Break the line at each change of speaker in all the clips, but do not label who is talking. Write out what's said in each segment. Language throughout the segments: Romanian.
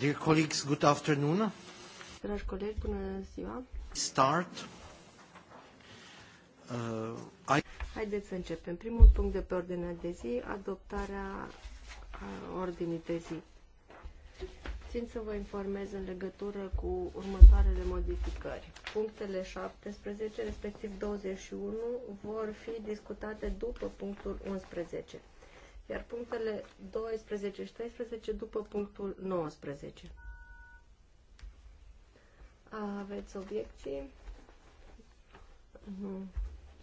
Dear colleagues, good afternoon.
Dragi colegi, bună ziua.
Start. Uh, I...
Haideți să începem. Primul punct de pe ordinea de zi, adoptarea uh, ordinii de zi. Țin să vă informez în legătură cu următoarele modificări. Punctele 17, respectiv 21, vor fi discutate după punctul 11 iar punctele 12 și 13 după punctul 19. Aveți obiecții? Nu.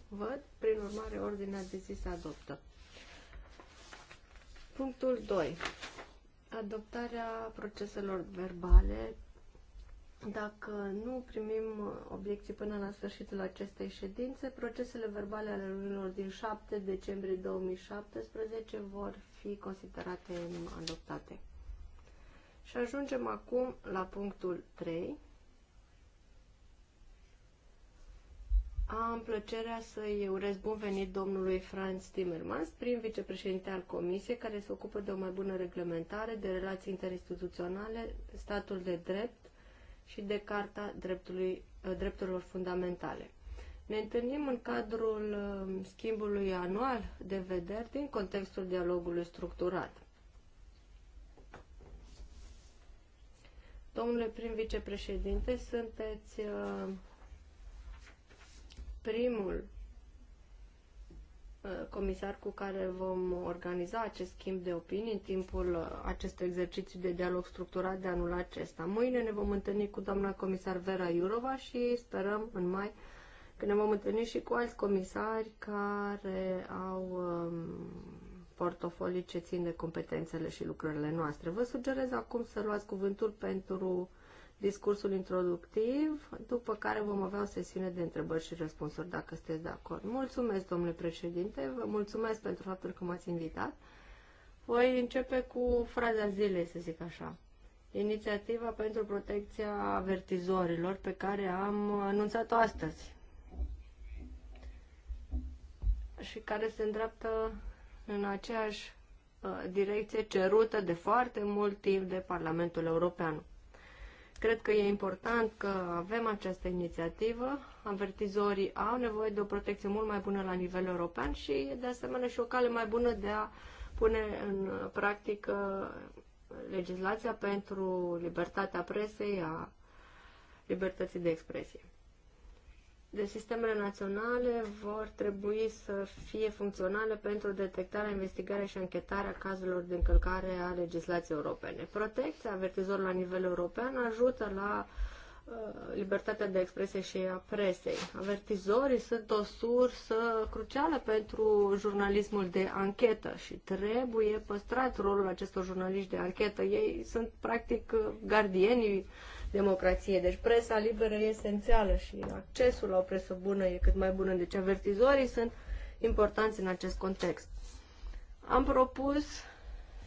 Văd. Prin urmare, ordinea de zi se adoptă. Punctul 2. Adoptarea proceselor verbale dacă nu primim uh, obiecții până la sfârșitul acestei ședințe, procesele verbale ale lunilor din 7 decembrie 2017 vor fi considerate adoptate. Și ajungem acum la punctul 3. Am plăcerea să-i urez bun venit domnului Franz Timmermans, prim vicepreședinte al Comisiei, care se ocupă de o mai bună reglementare, de relații interinstituționale, statul de drept și de Carta Dreptului, uh, Drepturilor Fundamentale. Ne întâlnim în cadrul uh, schimbului anual de vederi din contextul dialogului structurat. Domnule prim vicepreședinte, sunteți uh, primul Uh, comisar cu care vom organiza acest schimb de opinii în timpul uh, acestui exercițiu de dialog structurat de anul acesta. Mâine ne vom întâlni cu doamna comisar Vera Iurova și sperăm în mai că ne vom întâlni și cu alți comisari care au um, portofolii ce țin de competențele și lucrările noastre. Vă sugerez acum să luați cuvântul pentru discursul introductiv, după care vom avea o sesiune de întrebări și răspunsuri, dacă sunteți de acord. Mulțumesc, domnule președinte, vă mulțumesc pentru faptul că m-ați invitat. Voi începe cu fraza zilei, să zic așa. Inițiativa pentru protecția avertizorilor pe care am anunțat-o astăzi și care se îndreaptă în aceeași uh, direcție cerută de foarte mult timp de Parlamentul European. Cred că e important că avem această inițiativă. Avertizorii au nevoie de o protecție mult mai bună la nivel european și, de asemenea, și o cale mai bună de a pune în practică legislația pentru libertatea presei, a libertății de expresie de sistemele naționale vor trebui să fie funcționale pentru detectarea, investigarea și anchetarea cazurilor de încălcare a legislației europene. Protecția avertizorilor la nivel european ajută la uh, libertatea de expresie și a presei. Avertizorii sunt o sursă crucială pentru jurnalismul de anchetă și trebuie păstrat rolul acestor jurnaliști de anchetă. Ei sunt practic gardienii uh, Democrație, Deci presa liberă e esențială și accesul la o presă bună e cât mai bună. Deci avertizorii sunt importanți în acest context. Am propus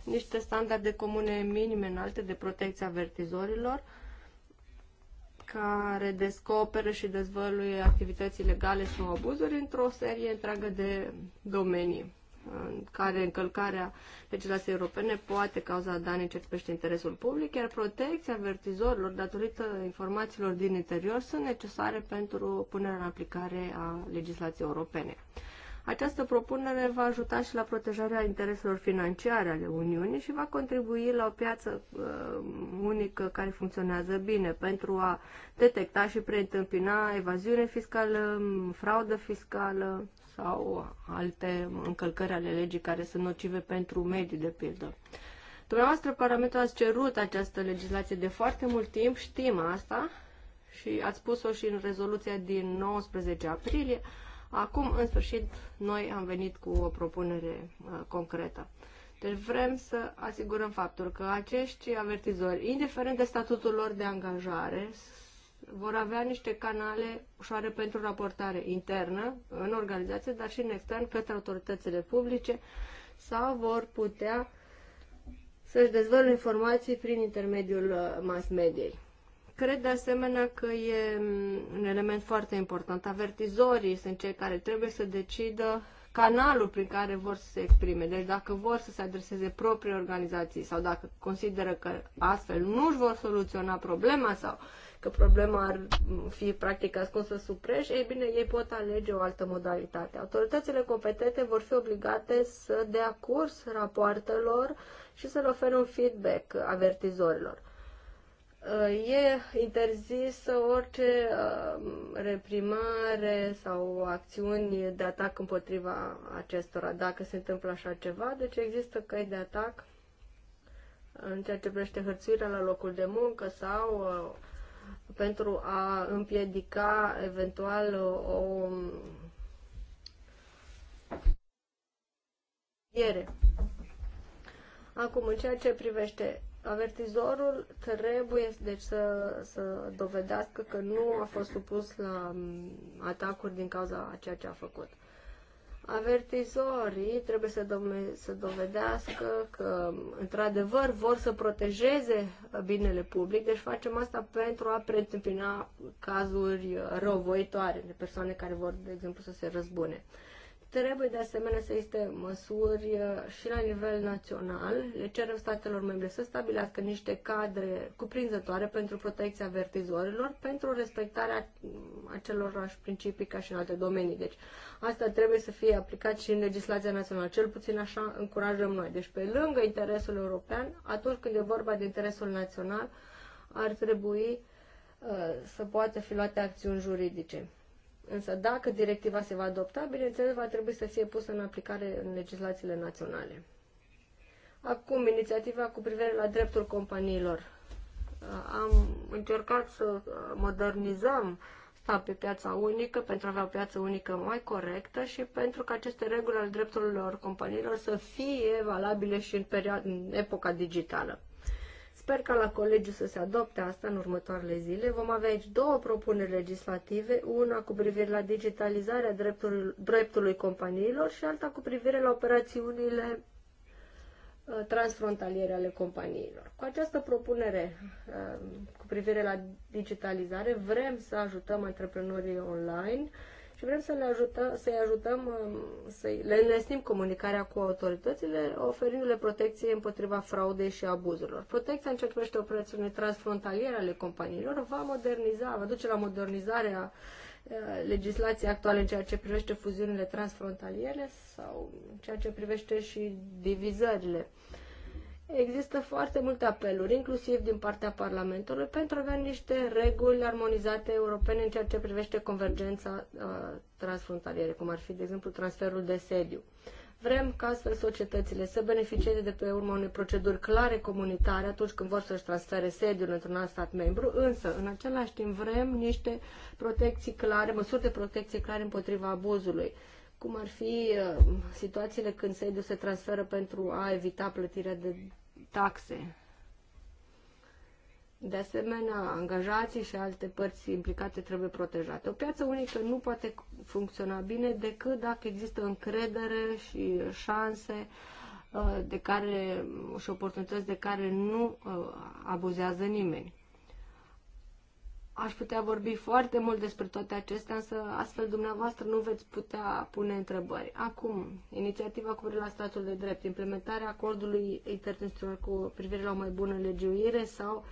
niște standarde comune minime înalte de protecție avertizorilor care descoperă și dezvăluie activități ilegale sau abuzuri într-o serie întreagă de domenii în care încălcarea legislației europene poate cauza dane ce privește interesul public, iar protecția avertizorilor datorită informațiilor din interior sunt necesare pentru punerea în aplicare a legislației europene. Această propunere va ajuta și la protejarea intereselor financiare ale Uniunii și va contribui la o piață uh, unică care funcționează bine pentru a detecta și preîntâmpina evaziune fiscală, fraudă fiscală, sau alte încălcări ale legii care sunt nocive pentru mediu, de pildă. Dumneavoastră, Parlamentul, ați cerut această legislație de foarte mult timp, știm asta și ați spus-o și în rezoluția din 19 aprilie. Acum, în sfârșit, noi am venit cu o propunere uh, concretă. Deci vrem să asigurăm faptul că acești avertizori, indiferent de statutul lor de angajare, vor avea niște canale ușoare pentru raportare internă în organizație, dar și în extern către autoritățile publice sau vor putea să-și dezvăluie informații prin intermediul uh, mass mediei. Cred de asemenea că e mm, un element foarte important. Avertizorii sunt cei care trebuie să decidă canalul prin care vor să se exprime. Deci dacă vor să se adreseze proprii organizații sau dacă consideră că astfel nu își vor soluționa problema sau că problema ar fi practic ascunsă sub preș, ei bine, ei pot alege o altă modalitate. Autoritățile competente vor fi obligate să dea curs rapoartelor și să le oferă un feedback avertizorilor. E interzisă orice uh, reprimare sau acțiuni de atac împotriva acestora, dacă se întâmplă așa ceva, deci există căi de atac în ceea ce privește hărțuirea la locul de muncă sau uh, pentru a împiedica eventual o iere. Acum, în ceea ce privește avertizorul, trebuie deci, să, să dovedească că nu a fost supus la mm, atacuri din cauza a ceea ce a făcut avertizorii trebuie să, dome- să dovedească că, într-adevăr, vor să protejeze binele public, deci facem asta pentru a preîntâmpina cazuri răuvoitoare de persoane care vor, de exemplu, să se răzbune. Trebuie de asemenea să existe măsuri uh, și la nivel național. Le cerem statelor membre să stabilească niște cadre cuprinzătoare pentru protecția avertizorilor, pentru respectarea mm, acelorași principii ca și în alte domenii. Deci asta trebuie să fie aplicat și în legislația națională. Cel puțin așa încurajăm noi. Deci pe lângă interesul european, atunci când e vorba de interesul național, ar trebui uh, să poată fi luate acțiuni juridice. Însă dacă directiva se va adopta, bineînțeles, va trebui să fie pusă în aplicare în legislațiile naționale. Acum, inițiativa cu privire la dreptul companiilor. Uh, am încercat să uh, modernizăm sta pe piața unică pentru a avea o piață unică mai corectă și pentru că aceste reguli ale drepturilor companiilor să fie valabile și în, perioadă, în epoca digitală. Sper ca la colegiu să se adopte asta în următoarele zile. Vom avea aici două propuneri legislative, una cu privire la digitalizarea dreptului, dreptului companiilor și alta cu privire la operațiunile uh, transfrontaliere ale companiilor. Cu această propunere uh, cu privire la digitalizare vrem să ajutăm antreprenorii online și vrem să le ajutăm, să-i ajutăm, um, să le înlesnim comunicarea cu autoritățile, oferindu-le protecție împotriva fraudei și abuzurilor. Protecția în ce privește operațiunile transfrontaliere ale companiilor va moderniza, va duce la modernizarea uh, legislației actuale în ceea ce privește fuziunile transfrontaliere sau în ceea ce privește și divizările. Uh, există foarte multe apeluri, inclusiv din partea Parlamentului, pentru a avea niște reguli armonizate europene în ceea ce privește convergența uh, transfrontalieră, cum ar fi, de exemplu, transferul de sediu. Vrem ca astfel societățile să beneficieze de pe urma unei proceduri clare comunitare atunci când vor să-și transfere sediul într-un alt stat membru, însă, în același timp, vrem niște protecții clare, măsuri de protecție clare împotriva abuzului cum ar fi uh, situațiile când sediul se transferă pentru a evita plătirea de taxe. De asemenea, angajații și alte părți implicate trebuie protejate. O piață unică nu poate funcționa bine decât dacă există încredere și șanse uh, de care, și oportunități de care nu uh, abuzează nimeni. Aș putea vorbi foarte mult despre toate acestea, însă astfel dumneavoastră nu veți putea pune întrebări. Acum, inițiativa cu privire la statul de drept, implementarea acordului interinstituțional cu privire la o mai bună legiuire sau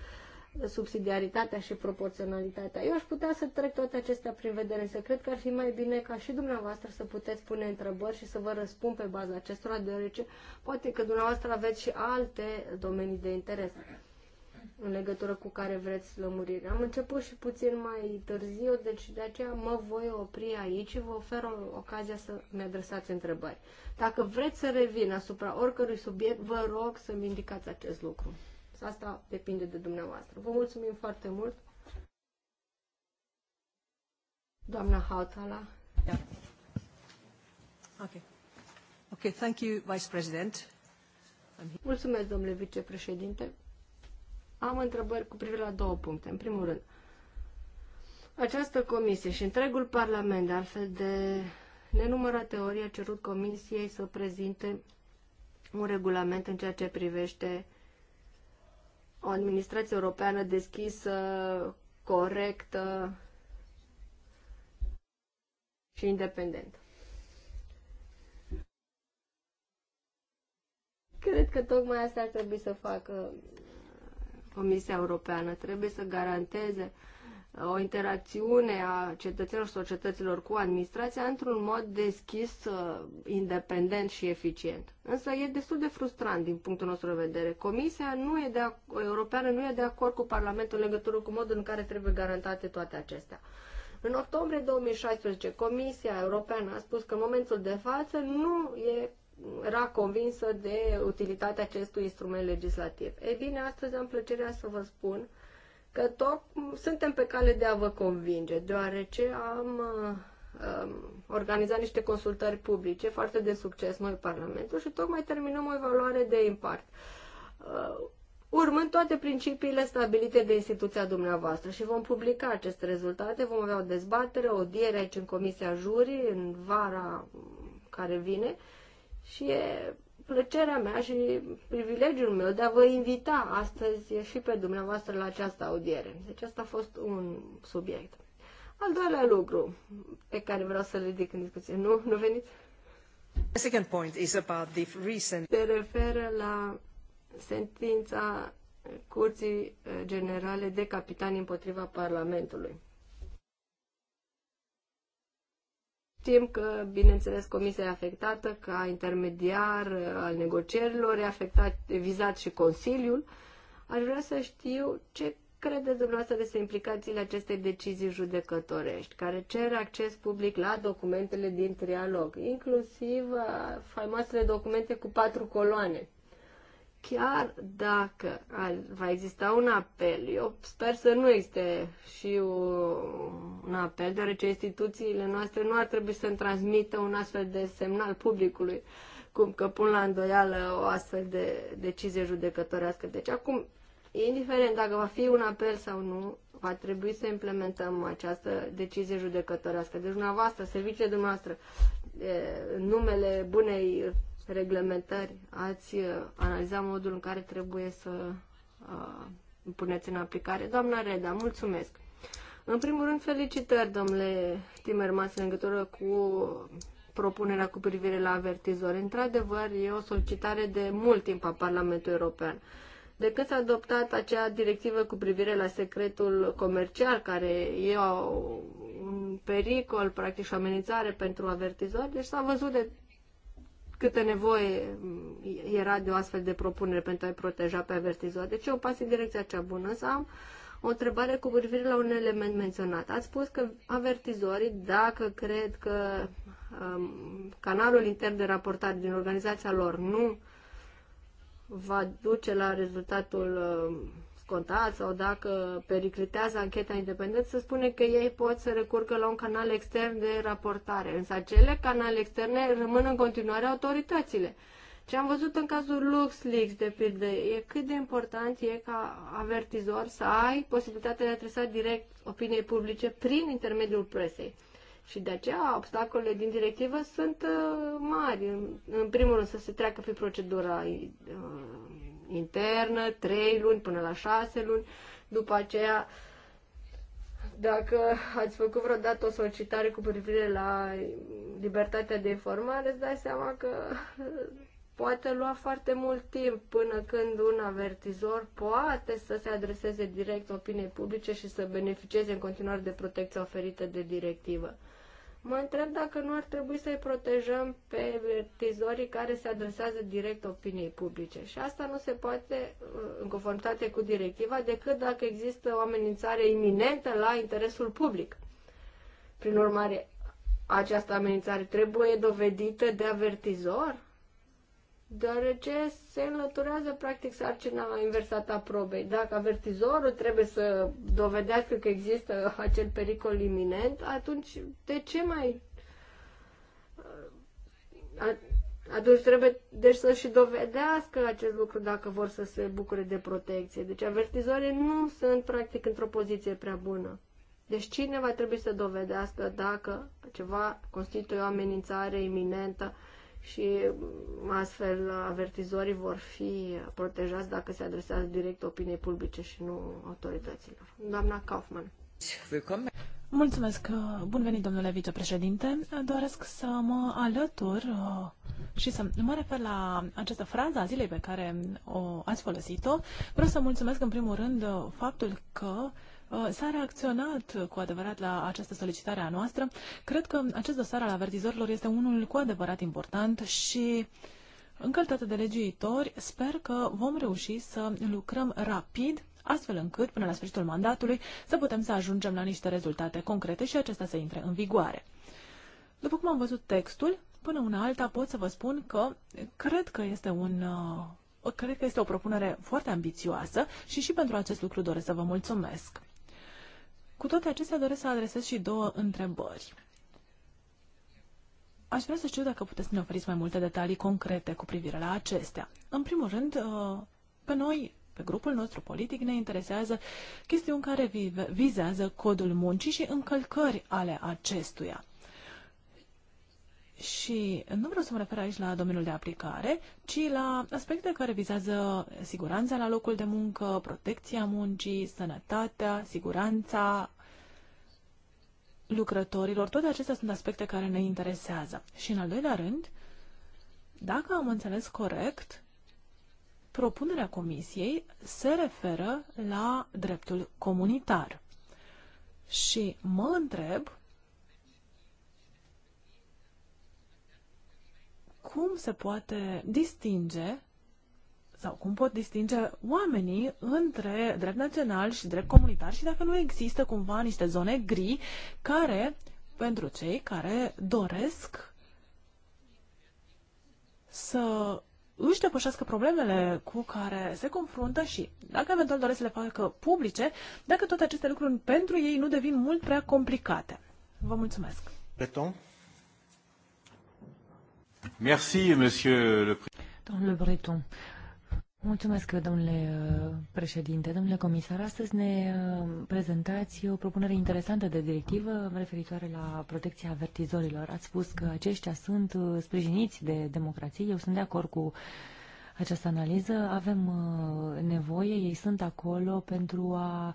subsidiaritatea și proporționalitatea. Eu aș putea să trec toate acestea prin vedere, însă cred că ar fi mai bine ca și dumneavoastră să puteți pune întrebări și să vă răspund pe baza acestora, deoarece poate că dumneavoastră aveți și alte domenii de interes în legătură cu care vreți lămurire. Am început și puțin mai târziu, deci de aceea mă voi opri aici și vă ofer o ocazia să mi adresați întrebări. Dacă vreți să revin asupra oricărui subiect, vă rog să-mi indicați acest lucru. Asta depinde de dumneavoastră. Vă mulțumim foarte mult. Doamna Hautala. Yeah. Da. Okay. Okay, thank you, Vice President. Mulțumesc, domnule vicepreședinte. Am întrebări cu privire la două puncte. În primul rând, această comisie și întregul Parlament, de altfel de nenumărate ori, a cerut comisiei să prezinte un regulament în ceea ce privește o administrație europeană deschisă, corectă și independentă. Cred că tocmai asta ar trebui să facă Comisia Europeană. Trebuie să garanteze uh, o interacțiune a cetățenilor și societăților cu administrația într-un mod deschis, uh, independent și eficient. Însă e destul de frustrant din punctul nostru de vedere. Comisia nu e de Europeană nu e de acord cu Parlamentul în legătură cu modul în care trebuie garantate toate acestea. În octombrie 2016, Comisia Europeană a spus că în momentul de față nu e era convinsă de utilitatea acestui instrument legislativ. Ei bine, astăzi am plăcerea să vă spun că tot suntem pe cale de a vă convinge, deoarece am organizat niște consultări publice foarte de succes noi Parlamentul și tocmai terminăm o evaluare de impact. Uh, urmând toate principiile stabilite de instituția dumneavoastră și vom publica aceste rezultate, vom avea o dezbatere, o diere aici în Comisia Jurii, în vara care vine, și e plăcerea mea și privilegiul meu de a vă invita astăzi și pe dumneavoastră la această audiere. Deci asta a fost un subiect. Al doilea lucru pe care vreau să-l ridic în discuție. Nu? Nu veniți?
The second point is about the recent... Se referă
la sentința Curții Generale de Capitani împotriva Parlamentului. Știm că, bineînțeles, comisia e afectată ca intermediar uh, al negocierilor, e afectat, e vizat și Consiliul. Aș vrea să știu ce credeți dumneavoastră despre implicațiile acestei decizii judecătorești, care cer acces public la documentele din trialog, inclusiv uh, faimoasele documente cu patru coloane chiar dacă va exista un apel, eu sper să nu existe și un apel, deoarece instituțiile noastre nu ar trebui să-mi transmită un astfel de semnal publicului, cum că pun la îndoială o astfel de decizie judecătorească. Deci acum, indiferent dacă va fi un apel sau nu, va trebui să implementăm această decizie judecătorească. Deci dumneavoastră, serviciile dumneavoastră, numele bunei reglementări ați uh, analizat modul în care trebuie să uh, puneți în aplicare? Doamna Reda, mulțumesc! În primul rând, felicitări, domnule Timmermans în legătură cu propunerea cu privire la avertizori. Într-adevăr, e o solicitare de mult timp a Parlamentului European. De când s-a adoptat acea directivă cu privire la secretul comercial, care e o, un pericol, practic, și o amenințare pentru avertizori, deci s-a văzut de câtă nevoie era de o astfel de propunere pentru a-i proteja pe avertizor. Deci eu pas în direcția cea bună. Să am o întrebare cu privire la un element menționat. Ați spus că avertizorii, dacă cred că um, canalul intern de raportare din organizația lor nu va duce la rezultatul um, contat sau dacă periclitează ancheta independentă, se spune că ei pot să recurgă la un canal extern de raportare. Însă acele canale externe rămân în continuare autoritățile. Ce am văzut în cazul LuxLeaks, de pildă, e cât de important e ca avertizor să ai posibilitatea de a adresa direct opiniei publice prin intermediul presei. Și de aceea obstacolele din directivă sunt uh, mari. În, primul rând să se treacă pe procedura uh, internă, 3 luni până la 6 luni. După aceea, dacă ați făcut vreodată o solicitare cu privire la libertatea de informare, îți dai seama că poate lua foarte mult timp până când un avertizor poate să se adreseze direct opiniei publice și să beneficieze în continuare de protecția oferită de directivă. Mă întreb dacă nu ar trebui să-i protejăm pe avertizorii care se adresează direct opiniei publice. Și asta nu se poate, uh, în conformitate cu directiva, decât dacă există o amenințare iminentă la interesul public. Prin urmare, această amenințare trebuie dovedită de avertizor? deoarece se înlăturează practic sarcina inversată a probei. Dacă avertizorul trebuie să dovedească că există acel pericol iminent, atunci de ce mai atunci trebuie deci să și dovedească acest lucru dacă vor să se bucure de protecție. Deci avertizorii nu sunt practic într-o poziție prea bună. Deci cineva trebuie să dovedească dacă ceva constituie o amenințare iminentă uh, și astfel avertizorii vor fi protejați dacă se adresează direct opiniei publice și nu autorităților. Doamna Kaufman.
Mulțumesc. Bun venit, domnule vicepreședinte. Doresc să mă alătur uh, și să mă refer la această frază a zilei pe care o ați folosit-o. Vreau să mulțumesc în primul rând faptul că uh, Uh, s-a reacționat cu adevărat la această solicitare a noastră. Cred că acest dosar al avertizorilor este unul cu adevărat important și în calitate de legiuitori sper că vom reuși să lucrăm rapid astfel încât, până la sfârșitul mandatului, să putem să ajungem la niște rezultate concrete și acestea să intre în vigoare. După cum am văzut textul, până una alta pot să vă spun că cred că este un uh, cred că este o propunere foarte ambițioasă și și pentru acest lucru doresc să vă mulțumesc. Cu toate acestea doresc să adresez și două întrebări. Aș vrea să știu dacă puteți să ne oferiți mai multe detalii concrete cu privire la acestea. În primul rând, uh, pe noi, pe grupul nostru politic, ne interesează chestiuni care vizează codul muncii și încălcări ale acestuia. Și nu vreau să mă refer aici la domeniul de aplicare, ci la aspecte care vizează siguranța la locul de muncă, protecția muncii, sănătatea, siguranța lucrătorilor. Toate acestea sunt aspecte care ne interesează. Și în al doilea rând, dacă am înțeles corect, propunerea comisiei se referă la dreptul comunitar. Și mă întreb cum se poate distinge sau cum pot distinge oamenii între drept național și drept comunitar și dacă nu există cumva niște zone gri care, pentru cei care doresc să își depășească problemele cu care se confruntă și dacă eventual doresc să le facă publice, dacă toate aceste lucruri pentru ei nu devin mult prea complicate. Vă mulțumesc!
Beton. Merci, monsieur le
Domnule Breton, Mulțumesc, domnule uh, președinte. Domnule comisar, astăzi ne uh, prezentați o propunere interesantă de directivă referitoare la protecția avertizorilor. Ați spus că aceștia sunt uh, sprijiniți de democrație. Eu sunt de acord cu această analiză. Avem nevoie, ei sunt acolo pentru a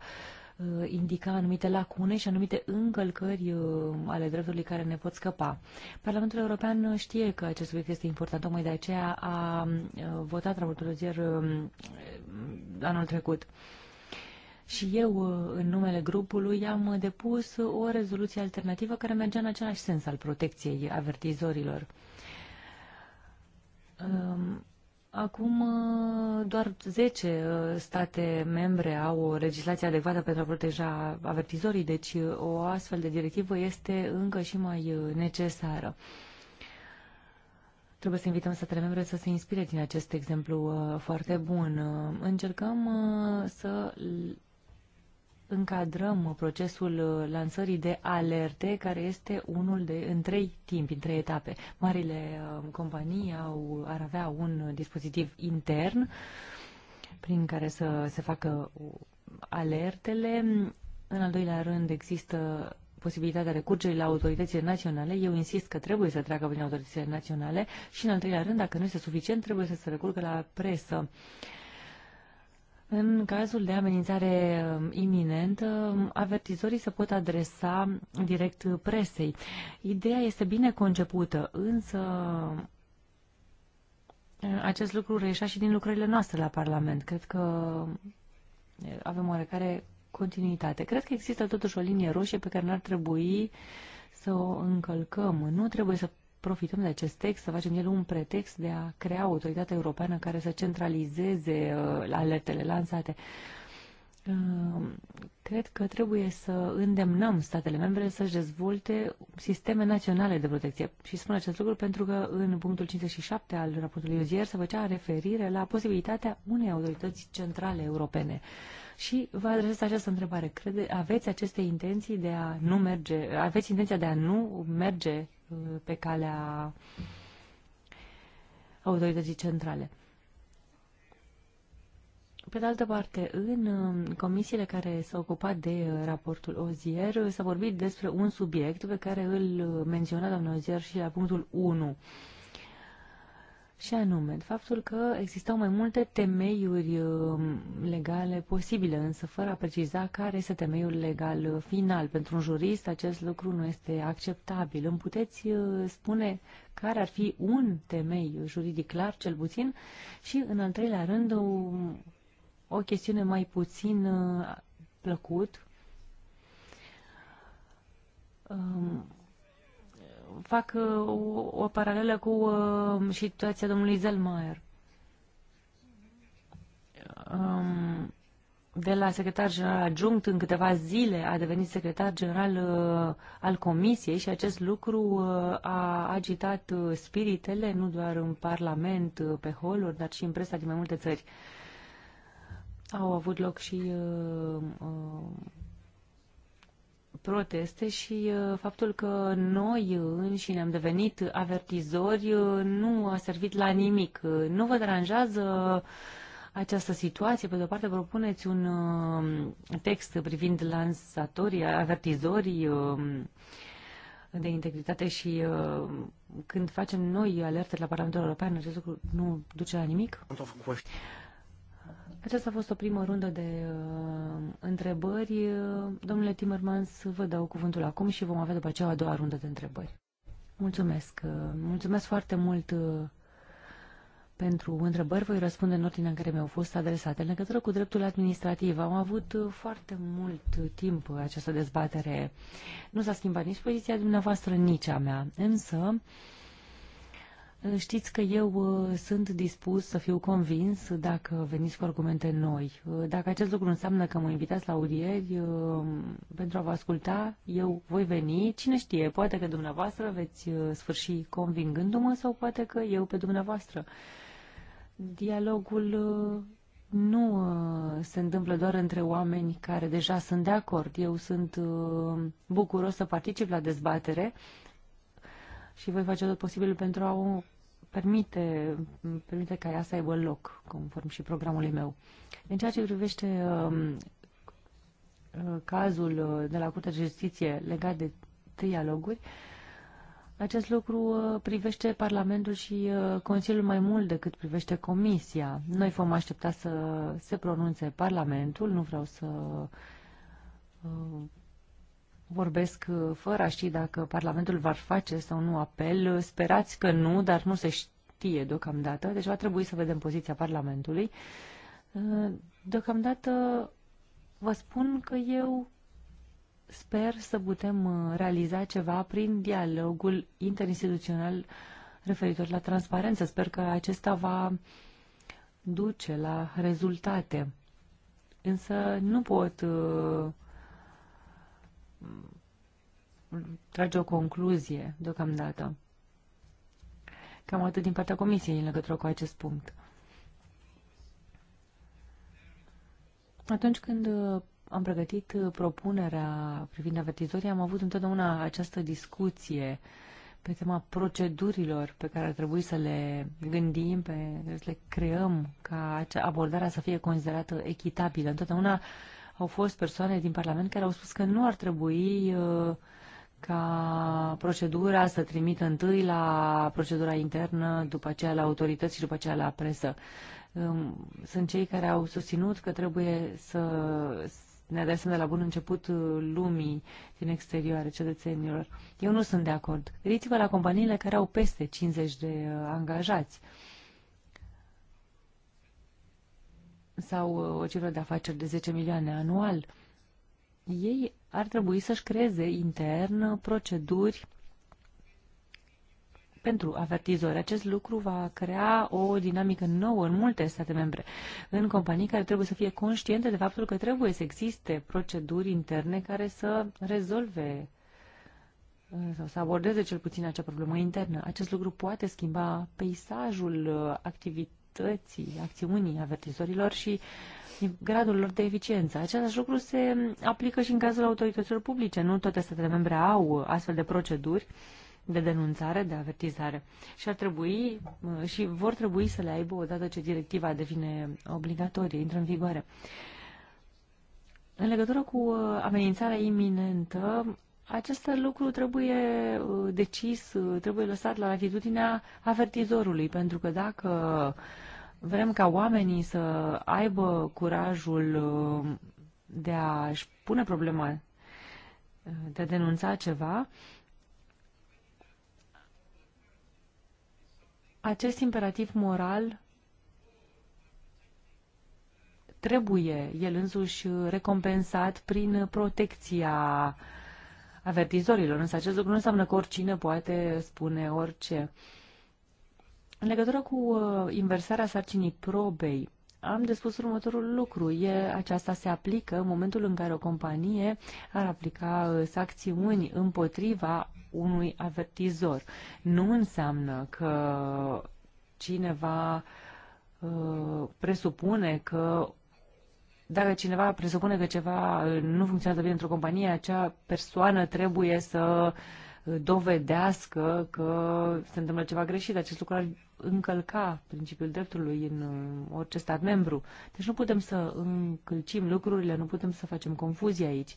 Uh, indica anumite lacune și anumite încălcări uh, ale dreptului care ne pot scăpa. Parlamentul European știe că acest subiect este important, tocmai de aceea a uh, votat raportul Ozier anul trecut. Și eu, în numele grupului, am depus o rezoluție alternativă care mergea în același sens al protecției avertizorilor. Um, Acum uh, doar 10 uh, state membre au o legislație adecvată pentru a proteja avertizorii, deci uh, o astfel de directivă este încă și mai necesară. Trebuie să invităm statele membre să se inspire din acest exemplu foarte bun. Încercăm să încadrăm procesul uh, lansării de alerte, care este unul de în trei timp, în trei etape. Marile uh, companii au, ar avea un dispozitiv intern prin care să se facă uh, alertele. În al doilea rând există posibilitatea recurgerii la autoritățile naționale. Eu insist că trebuie să treacă prin autoritățile naționale și, în al treilea rând, dacă nu este suficient, trebuie să se recurgă la presă. Uh, în cazul de amenințare um, iminentă, um, avertizorii se pot adresa direct presei. Ideea este bine concepută, însă um, acest lucru reieșea și din lucrările noastre la Parlament. Cred că avem oarecare continuitate. Cred că există totuși o linie roșie pe care n-ar trebui să o încălcăm. Nu trebuie să profităm de acest text, să facem el un pretext de a crea o autoritate europeană care să centralizeze uh, alertele lansate. Uh, cred că trebuie să îndemnăm statele membre să-și dezvolte sisteme naționale de protecție. Și spun acest lucru pentru că în punctul 57 al raportului Ozier se făcea referire la posibilitatea unei autorități centrale europene și vă adresez această întrebare. Crede, aveți aceste intenții de a nu merge, aveți intenția de a nu merge uh, pe calea autorității centrale? Pe de altă parte, în um, comisiile care s-au ocupat de uh, raportul Ozier, uh, s-a vorbit despre un subiect pe care îl menționa doamna Ozier și la punctul 1 și anume faptul că existau mai multe temeiuri um, legale posibile, însă fără a preciza care este temeiul legal final. Pentru un jurist acest lucru nu este acceptabil. Îmi puteți uh, spune care ar fi un temei juridic clar, cel puțin, și în al treilea rând o, o chestiune mai puțin uh, plăcut. Um, fac uh, o, o paralelă cu uh, situația domnului Zelmaier. Um, de la secretar general adjunct în câteva zile a devenit secretar general uh, al comisiei și acest lucru uh, a agitat uh, spiritele nu doar în Parlament, uh, pe holuri, dar și în presa din mai multe țări. Au avut loc și uh, uh, proteste și uh, faptul că noi ne am devenit avertizori uh, nu a servit la nimic. Uh, nu vă deranjează această situație? Pe de-o parte propuneți un text privind lansatorii, avertizorii de integritate și când facem noi alerte la Parlamentul European, acest lucru nu duce la nimic? Aceasta a fost o primă rundă de uh, întrebări. Domnule Timmermans, vă dau cuvântul acum și vom avea după aceea a doua rundă de întrebări. Mulțumesc. Uh, mulțumesc foarte mult uh, pentru întrebări. Voi răspunde în ordinea în care mi-au fost adresate. În legătură cu dreptul administrativ, am avut uh, foarte mult timp această dezbatere. Nu s-a schimbat nici poziția dumneavoastră, nici a mea. Însă, uh, Știți că eu uh, sunt dispus să fiu convins dacă veniți cu argumente noi. Uh, dacă acest lucru înseamnă că mă invitați la audieri uh, pentru a vă asculta, eu voi veni. Cine știe, poate că dumneavoastră veți sfârși convingându-mă sau poate că eu pe dumneavoastră. Dialogul nu se întâmplă doar între oameni care deja sunt de acord. Eu sunt bucuros să particip la dezbatere și voi face tot posibilul pentru a o permite, permite ca ea să aibă loc, conform și programului meu. În ceea ce privește um, uh, cazul uh, de la Curtea de Justiție legat de trialoguri, acest lucru uh, privește Parlamentul și Consiliul mai mult decât privește Comisia. Noi vom aștepta să se pronunțe Parlamentul, nu vreau să vorbesc uh, fără a ști dacă Parlamentul va face sau nu apel. Uh, sperați că nu, dar nu se știe deocamdată, deci va trebui să vedem poziția Parlamentului. Uh, deocamdată vă spun că eu sper să putem realiza ceva prin dialogul interinstituțional referitor la transparență. Sper că acesta va duce la rezultate. Însă nu pot uh, trage o concluzie deocamdată. Cam atât din partea Comisiei în legătură cu acest punct. Atunci când uh, am pregătit uh, propunerea privind avertizorii, am avut întotdeauna această discuție pe tema procedurilor pe care ar trebui să le gândim, pe, să le creăm, ca abordarea să fie considerată echitabilă. Întotdeauna au fost persoane din Parlament care au spus că nu ar trebui uh, ca procedura să trimită întâi la procedura internă, după aceea la autorități și după aceea la presă. Um, sunt cei care au susținut că trebuie să ne adresăm de la bun început uh, lumii din exterioare, cetățenilor. Eu nu sunt de acord. Gândiți-vă la companiile care au peste 50 de uh, angajați. sau uh, o cifră de afaceri de 10 milioane anual. Ei ar trebui să-și creeze intern proceduri pentru avertizori. Acest lucru va crea o dinamică nouă în multe state membre, în companii care trebuie să fie conștiente de faptul că trebuie să existe proceduri interne care să rezolve uh, sau să abordeze cel puțin acea problemă internă. Acest lucru poate schimba peisajul uh, activității activității, acțiunii avertizorilor și gradul lor de eficiență. Același lucru se aplică și în cazul autorităților publice. Nu toate statele membre au astfel de proceduri de denunțare, de avertizare. Și ar trebui și vor trebui să le aibă odată ce directiva devine obligatorie, intră în vigoare. În legătură cu uh, amenințarea iminentă, acest lucru trebuie uh, decis, uh, trebuie lăsat la latitudinea avertizorului, pentru că dacă uh, Vrem ca oamenii să aibă curajul uh, de a-și pune problema, uh, de a denunța ceva. Acest imperativ moral trebuie el însuși recompensat prin protecția avertizorilor, însă acest lucru nu înseamnă că oricine poate spune orice. Uh, în legătură cu uh, inversarea sarcinii probei, am de spus următorul lucru. E, aceasta se aplică în momentul în care o companie ar aplica uh, sancțiuni împotriva unui avertizor. Nu înseamnă că cineva uh, presupune că dacă cineva presupune că ceva uh, nu funcționează bine într-o companie, acea persoană trebuie să dovedească că se întâmplă ceva greșit. Acest lucru ar încălca principiul dreptului în uh, orice stat membru. Deci nu putem să încălcim lucrurile, nu putem să facem confuzie aici.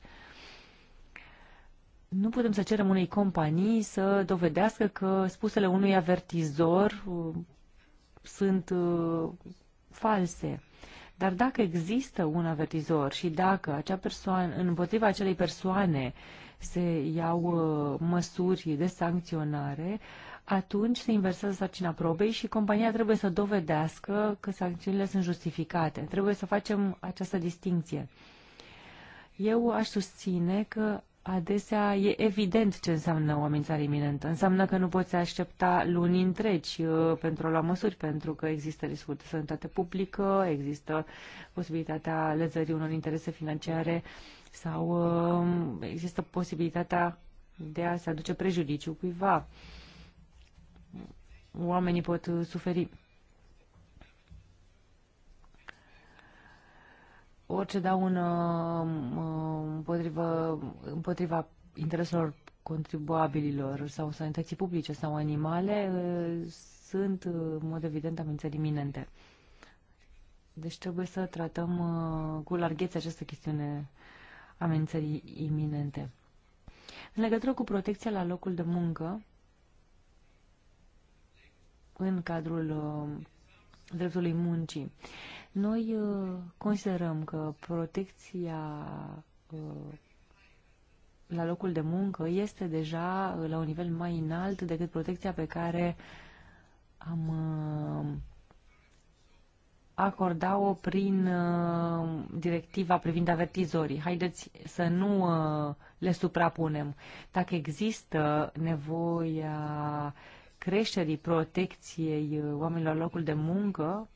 Nu putem să cerem unei companii să dovedească că spusele unui avertizor uh, sunt uh, false. Dar dacă există un avertizor și dacă acea persoană, împotriva acelei persoane se iau măsuri de sancționare, atunci se inversează sarcina probei și compania trebuie să dovedească că sancțiunile sunt justificate. Trebuie să facem această distinție. Eu aș susține că adesea e evident ce înseamnă o amenințare iminentă. Înseamnă că nu poți aștepta luni întregi uh, pentru a lua măsuri, pentru că există riscul de sănătate publică, există posibilitatea lezării unor interese financiare sau uh, există posibilitatea de a se aduce prejudiciu cuiva oamenii pot uh, suferi. Orice daună uh, împotriva, împotriva intereselor contribuabililor sau sanității publice sau animale uh, sunt, în mod evident, amenințări iminente. Deci trebuie să tratăm cu larghețe această chestiune amenințării iminente. În legătură cu protecția la locul de muncă, în cadrul uh, dreptului muncii. Noi uh, considerăm că protecția uh, la locul de muncă este deja la un nivel mai înalt decât protecția pe care am acorda-o prin directiva privind avertizorii. Haideți să nu le suprapunem. Dacă există nevoia creșterii protecției uh, oamenilor la locul de muncă,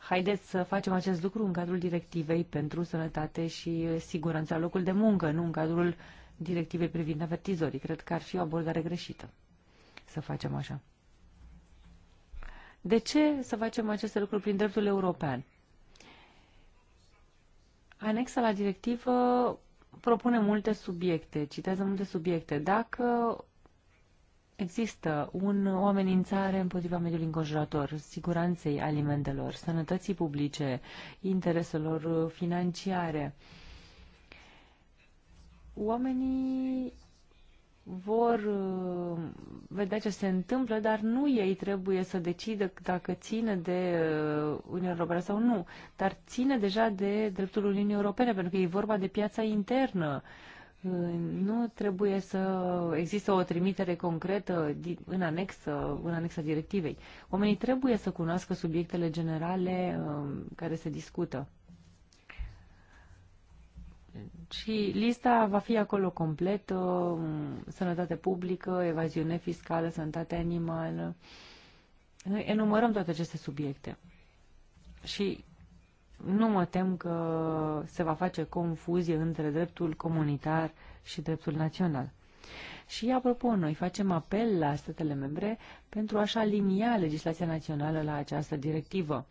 haideți să facem acest lucru în cadrul directivei pentru sănătate și uh, siguranța locul de muncă, nu în cadrul directivei privind avertizorii. Cred că ar fi o abordare greșită să facem așa. De ce să facem aceste lucruri prin dreptul european? Anexa la directivă propune multe subiecte, citează multe subiecte. Dacă Există un, o amenințare împotriva mediului înconjurător, siguranței alimentelor, sănătății publice, intereselor financiare. Oamenii vor uh, vedea ce se întâmplă, dar nu ei trebuie să decidă dacă ține de uh, Uniunea Europeană sau nu, dar ține deja de dreptul Uniunii Europene, pentru că e vorba de piața internă. Uh, nu trebuie să există o trimitere concretă în anexă, în anexa directivei. Oamenii trebuie să cunoască subiectele generale um, care se discută. Și lista va fi acolo completă, um, sănătate publică, evaziune fiscală, sănătate animală. Noi Enumărăm toate aceste subiecte. Și nu mă tem că se va face confuzie între dreptul comunitar și dreptul național. Și, apropo, noi facem apel la statele membre pentru a-și alinia legislația națională la această directivă.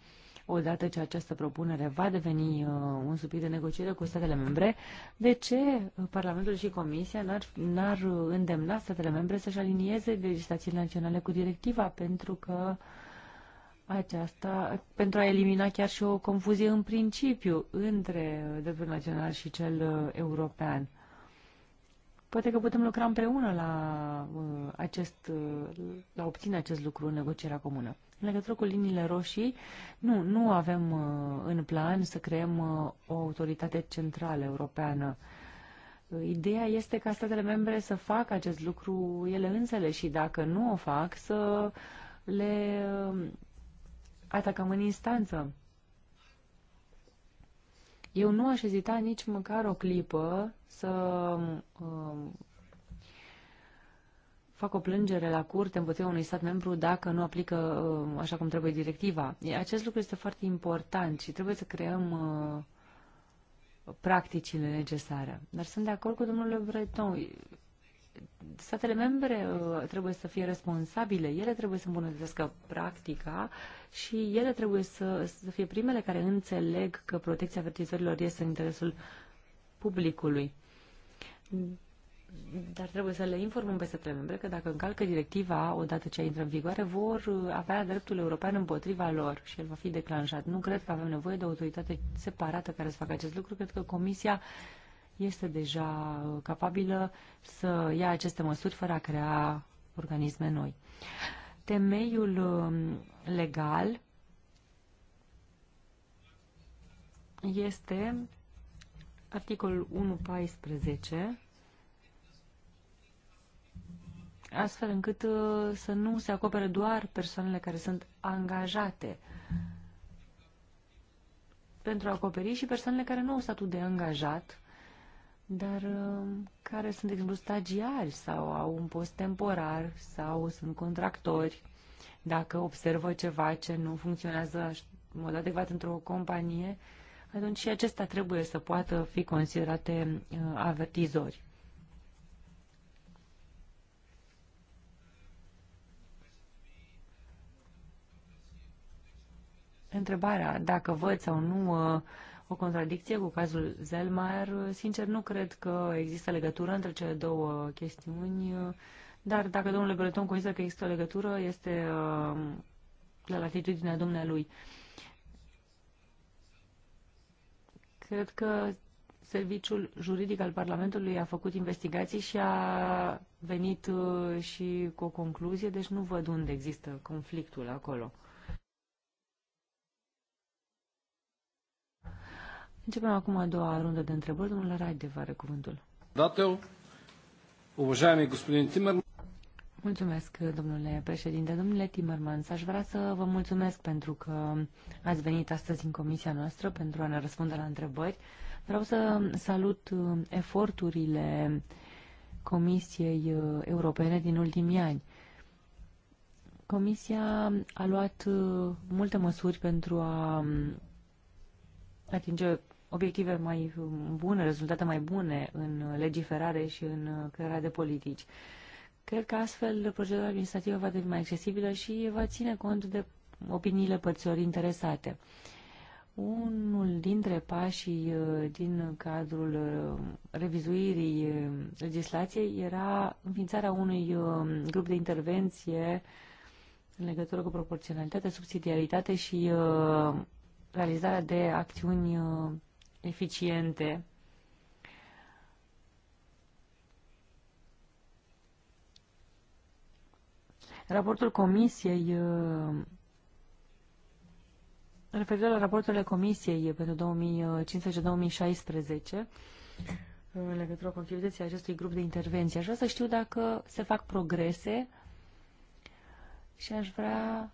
Odată ce această propunere va deveni uh, un subiect de negociere cu statele membre, de ce Parlamentul și Comisia n-ar, n-ar îndemna statele membre să-și alinieze legislațiile naționale cu directiva? Pentru că uh, aceasta pentru a elimina chiar și o confuzie în principiu între dreptul național și cel uh, european. Poate că putem lucra împreună la, uh, acest, uh, la obține acest lucru în negocierea comună. În legătură cu liniile roșii, nu, nu avem în plan să creăm o autoritate centrală europeană. Ideea este ca statele membre să facă acest lucru ele însele și dacă nu o fac, să le atacăm în instanță. Eu nu aș ezita nici măcar o clipă să um, fac o plângere la curte împotriva unui stat membru dacă nu aplică um, așa cum trebuie directiva. Acest lucru este foarte important și trebuie să creăm uh, practicile necesare. Dar sunt de acord cu domnul Breton statele membre uh, trebuie să fie responsabile, ele trebuie să îmbunătățească practica și ele trebuie să, să fie primele care înțeleg că protecția avertizorilor este în interesul publicului. Dar trebuie să le informăm pe statele membre că dacă încalcă directiva, odată ce intră în vigoare, vor uh, avea dreptul european împotriva lor și el va fi declanșat. Nu cred că avem nevoie de o autoritate separată care să facă acest lucru. Cred că Comisia este deja uh, capabilă să ia aceste măsuri fără a crea organisme noi. Temeiul um, legal este articolul 1.14 astfel încât uh, să nu se acopere doar persoanele care sunt angajate pentru a acoperi și persoanele care nu au statut de angajat dar uh, care sunt, de exemplu, stagiari sau au un post temporar sau sunt contractori. Dacă observă ceva ce nu funcționează în mod adecvat într-o companie, atunci și acesta trebuie să poată fi considerate uh, avertizori. Întrebarea dacă văd sau nu uh, o contradicție cu cazul Zelmaier. Sincer, nu cred că există legătură între cele două chestiuni, dar dacă domnul Breton consideră că există o legătură, este uh, la latitudinea dumnealui. Cred că serviciul juridic al Parlamentului a făcut investigații și a venit uh, și cu o concluzie, deci nu văd unde există conflictul acolo. Începem acum a doua rundă de întrebări. Domnule vă are cuvântul.
Datel,
уважаеми господин Timmermans.
Mulțumesc, domnule președinte. Domnule Timmermans, aș vrea să vă mulțumesc pentru că ați venit astăzi în comisia noastră pentru a ne răspunde la întrebări. Vreau să salut uh, eforturile Comisiei uh, Europene din ultimii ani. Comisia a luat uh, multe măsuri pentru a um, atinge obiective mai bune, rezultate mai bune în legiferare și în crearea de politici. Cred că astfel procedura administrativă va deveni mai accesibilă și va ține cont de opiniile părților interesate. Unul dintre pașii uh, din cadrul uh, revizuirii uh, legislației era înființarea unui grup de intervenție în legătură cu proporționalitate, subsidiaritate și realizarea de acțiuni eficiente. Raportul Comisiei uh, referitor la raporturile Comisiei pentru 2015-2016 în legătură cu activitățile acestui grup de intervenție. Aș vrea să știu dacă se fac progrese și aș vrea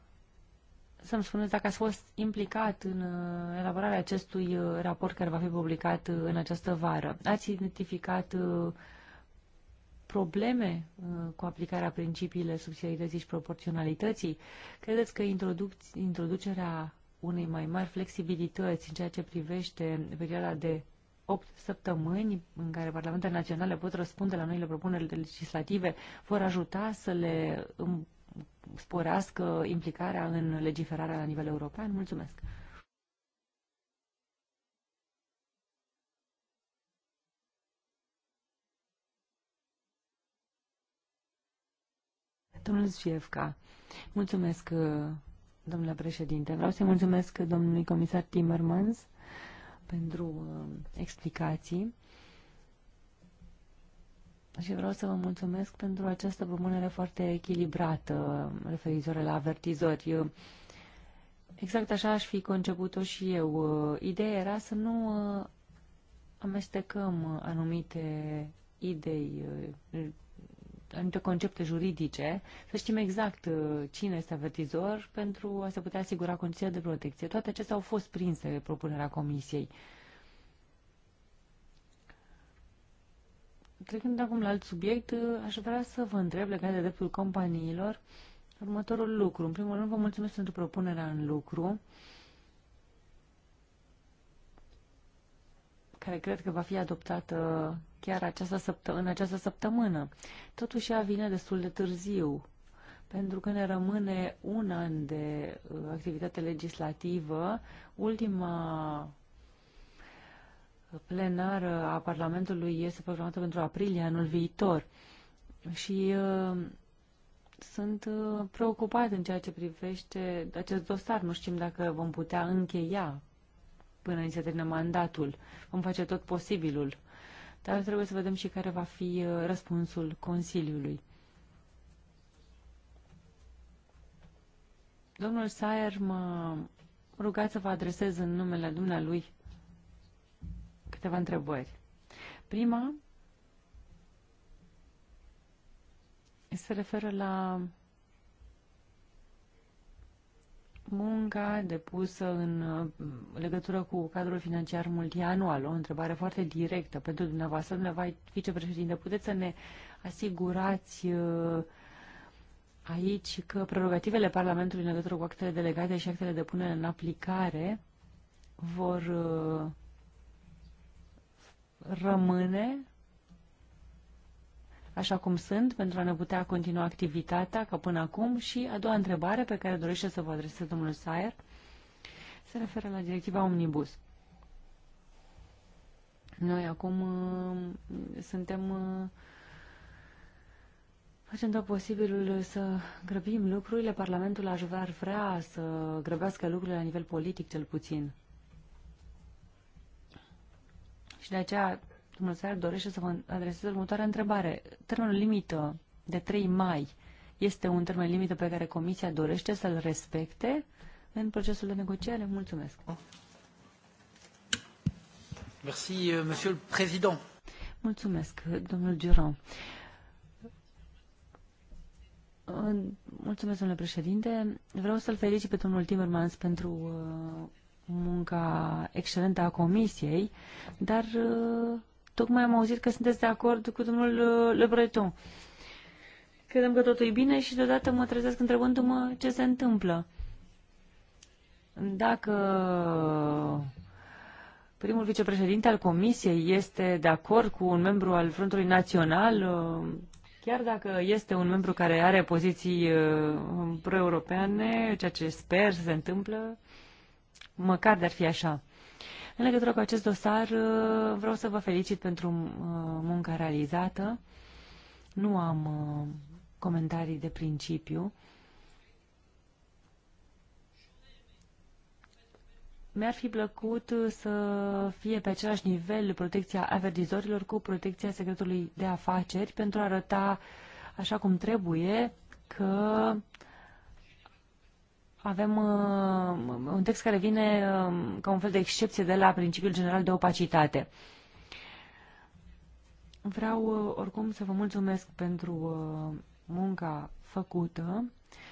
să-mi spuneți dacă ați fost implicat în uh, elaborarea acestui uh, raport care va fi publicat uh, în această vară. Ați identificat probleme cu aplicarea principiile subsidiarității și proporționalității? Credeți că introducerea unei mai mari flexibilități în ceea ce privește perioada de 8 săptămâni în care Parlamentele Naționale pot răspunde la noile propuneri legislative vor ajuta să le sporească implicarea în legiferarea la nivel european? Mulțumesc! Domnul Zvievca, mulțumesc, domnule președinte. Vreau să mulțumesc domnului comisar Timmermans pentru uh, explicații și vreau să vă mulțumesc pentru această propunere foarte echilibrată uh, referitoare la avertizori. Exact așa aș fi conceput-o și eu. Uh, ideea era să nu uh, amestecăm anumite idei, anumite concepte juridice, să știm exact cine este avertizor pentru a se putea asigura condiția de protecție. Toate acestea au fost prinse propunerea comisiei. Trecând acum la alt subiect, aș vrea să vă întreb legat de dreptul companiilor următorul lucru. În primul rând, vă mulțumesc pentru propunerea în lucru, care cred că va fi adoptată chiar această în această săptămână. Totuși, ea vine destul de târziu, pentru că ne rămâne un an de uh, activitate legislativă. Ultima plenară a Parlamentului este programată pentru aprilie anul viitor și uh, sunt uh, preocupat în ceea ce privește acest dosar. Nu știm dacă vom putea încheia până ni se termină mandatul. Vom face tot posibilul. Dar trebuie să vedem și care va fi uh, răspunsul Consiliului. Domnul Sayer m-a rugat să vă adresez în numele dumnealui câteva întrebări. Prima se referă la munca depusă în uh, legătură cu cadrul financiar multianual. O întrebare foarte directă pentru dumneavoastră, dumneavoastră vicepreședinte. Puteți să ne asigurați uh, aici că prerogativele Parlamentului în legătură cu actele delegate și actele de punere în aplicare vor uh, rămâne așa cum sunt pentru a ne putea continua activitatea ca până acum? Și a doua întrebare pe care dorește să vă adresez domnul Sayer se referă la directiva Omnibus. Noi acum uh, suntem uh, Facem tot posibilul să grăbim lucrurile. Parlamentul aș vrea, vrea să grăbească lucrurile la nivel politic, cel puțin. Și de aceea, Dumnezeu dorește să vă adresez următoarea întrebare. Termenul limită de 3 mai este un termen limită pe care Comisia dorește să-l respecte în procesul de negociere? Mulțumesc.
Merci, euh, monsieur le président.
Mulțumesc, domnul Giron. Mulțumesc, domnule președinte. Vreau să-l felicit pe domnul Timmermans pentru uh, munca excelentă a comisiei, dar uh, tocmai am auzit că sunteți de acord cu domnul uh, Le Breton. Credem că totul e bine și deodată mă trezesc întrebându-mă ce se întâmplă. Dacă primul vicepreședinte al comisiei este de acord cu un membru al Frontului Național, uh, chiar dacă este un membru care are poziții pro-europeane, ceea ce sper să se întâmplă, măcar de-ar fi așa. În legătură cu acest dosar, uh, vreau să vă felicit pentru uh, munca realizată. Nu am uh, comentarii de principiu. Mi-ar fi plăcut să fie pe același nivel protecția avertizorilor cu protecția secretului de afaceri pentru a arăta așa cum trebuie că uh, avem uh, un text care vine uh, ca un fel de excepție de la principiul general de opacitate. Vreau uh, oricum să vă mulțumesc pentru uh, munca făcută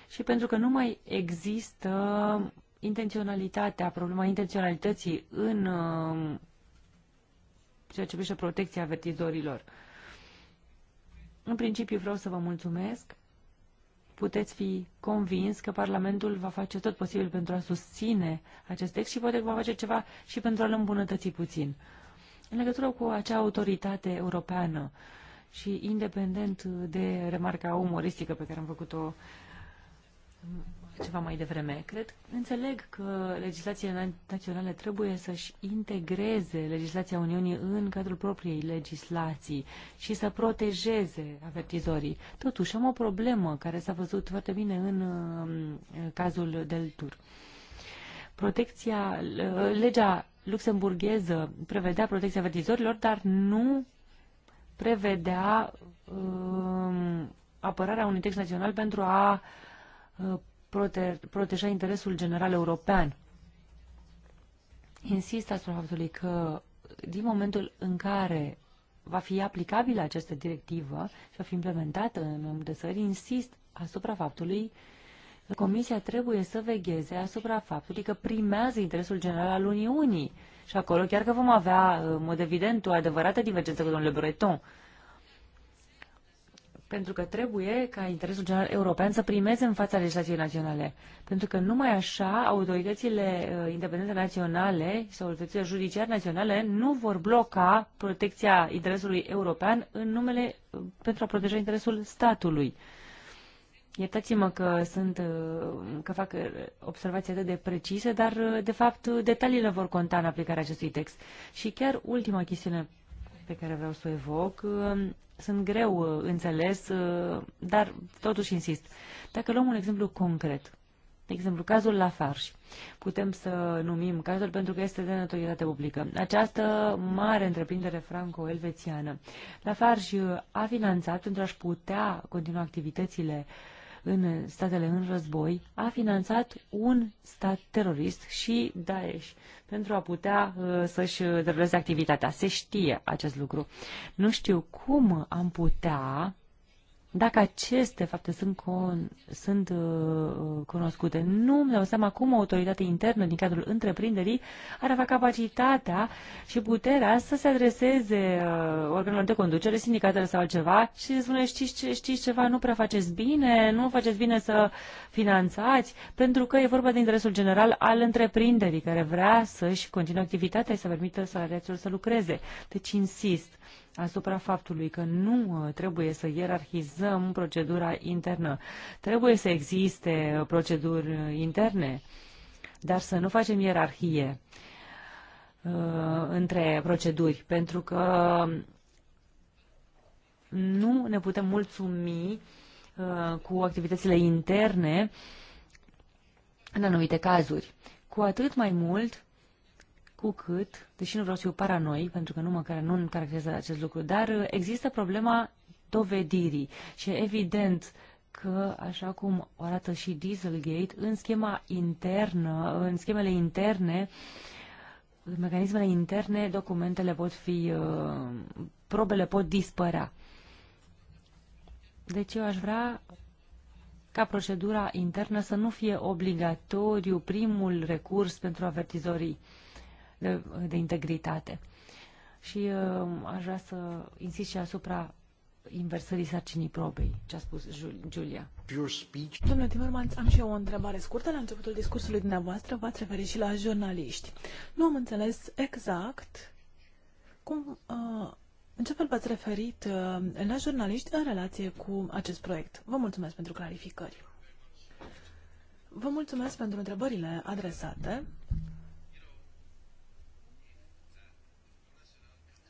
și pentru că nu mai există intenționalitatea, problema intenționalității în uh, ceea ce privește protecția avertizorilor. În principiu vreau să vă mulțumesc puteți fi convins că Parlamentul va face tot posibil pentru a susține acest text și poate că va face ceva și pentru a-l îmbunătăți puțin. În legătură cu acea autoritate europeană și independent de remarca umoristică pe care am făcut-o ceva mai devreme. Cred, înțeleg că legislațiile naționale trebuie să-și integreze legislația Uniunii în cadrul propriei legislații și să protejeze avertizorii. Totuși, am o problemă care s-a văzut foarte bine în um, cazul Del Tur. Protecția, legea luxemburgheză prevedea protecția avertizorilor, dar nu prevedea um, apărarea unui text național pentru a uh, prote proteja interesul general european. Insist asupra faptului că din momentul în care va fi aplicabilă această directivă și va fi implementată în mai multe țări, insist asupra faptului că Comisia trebuie să vegheze asupra faptului că primează interesul general al Uniunii. Și acolo chiar că vom avea, în mod evident, o adevărată divergență cu domnule Breton. Pentru că trebuie ca interesul general european să primeze în fața legislației naționale. Pentru că numai așa autoritățile uh, independente naționale sau autoritățile judiciare naționale nu vor bloca protecția interesului european în numele uh, pentru a proteja interesul statului. Iertați-mă că sunt, uh, că fac observații atât de precise, dar de fapt detaliile vor conta în aplicarea acestui text. Și chiar ultima chestiune pe care vreau să o evoc uh, sunt greu uh, înțeles, uh, dar totuși insist. Dacă luăm un exemplu concret, de exemplu, cazul Lafarge. Putem să numim cazul pentru că este de notorietate publică. Această mare întreprindere franco-elvețiană. Lafarge a finanțat pentru a-și putea continua activitățile uh, în statele în război, a finanțat un stat terorist și Daesh pentru a putea uh, să-și uh, deruleze activitatea. Se știe acest lucru. Nu știu cum am putea dacă aceste fapte sunt, con, sunt uh, cunoscute, nu îmi dau seama cum o autoritate internă din cadrul întreprinderii ar avea capacitatea și puterea să se adreseze uh, organelor de conducere, sindicatele sau altceva și să spune știți, ce, știți ceva, nu prea faceți bine, nu faceți bine să finanțați, pentru că e vorba de interesul general al întreprinderii care vrea să-și continue activitatea și să permită salariaților să lucreze. Deci insist asupra faptului că nu uh, trebuie să ierarhizăm procedura internă. Trebuie să existe uh, proceduri uh, interne, dar să nu facem ierarhie între proceduri, pentru că nu ne putem mulțumi cu activitățile interne în anumite cazuri. Cu atât mai mult cu cât, deși nu vreau să fiu paranoic, pentru că nu mă care nu caracterizează acest lucru, dar uh, există problema dovedirii și e evident că, așa cum arată și Dieselgate, în schema internă, în schemele interne, în mecanismele interne, documentele pot fi, uh, probele pot dispărea. Deci eu aș vrea ca procedura internă să nu fie obligatoriu primul recurs pentru avertizorii de, de integritate. Și uh, aș vrea să insist și asupra inversării sarcinii probei, ce a spus Julia.
Domnule Timmermans, am și eu o întrebare scurtă. La începutul discursului dumneavoastră v-ați referit și la jurnaliști. Nu am înțeles exact cum, uh, în ce fel v-ați referit uh, la jurnaliști în relație cu acest proiect. Vă mulțumesc pentru clarificări. Vă mulțumesc pentru întrebările adresate.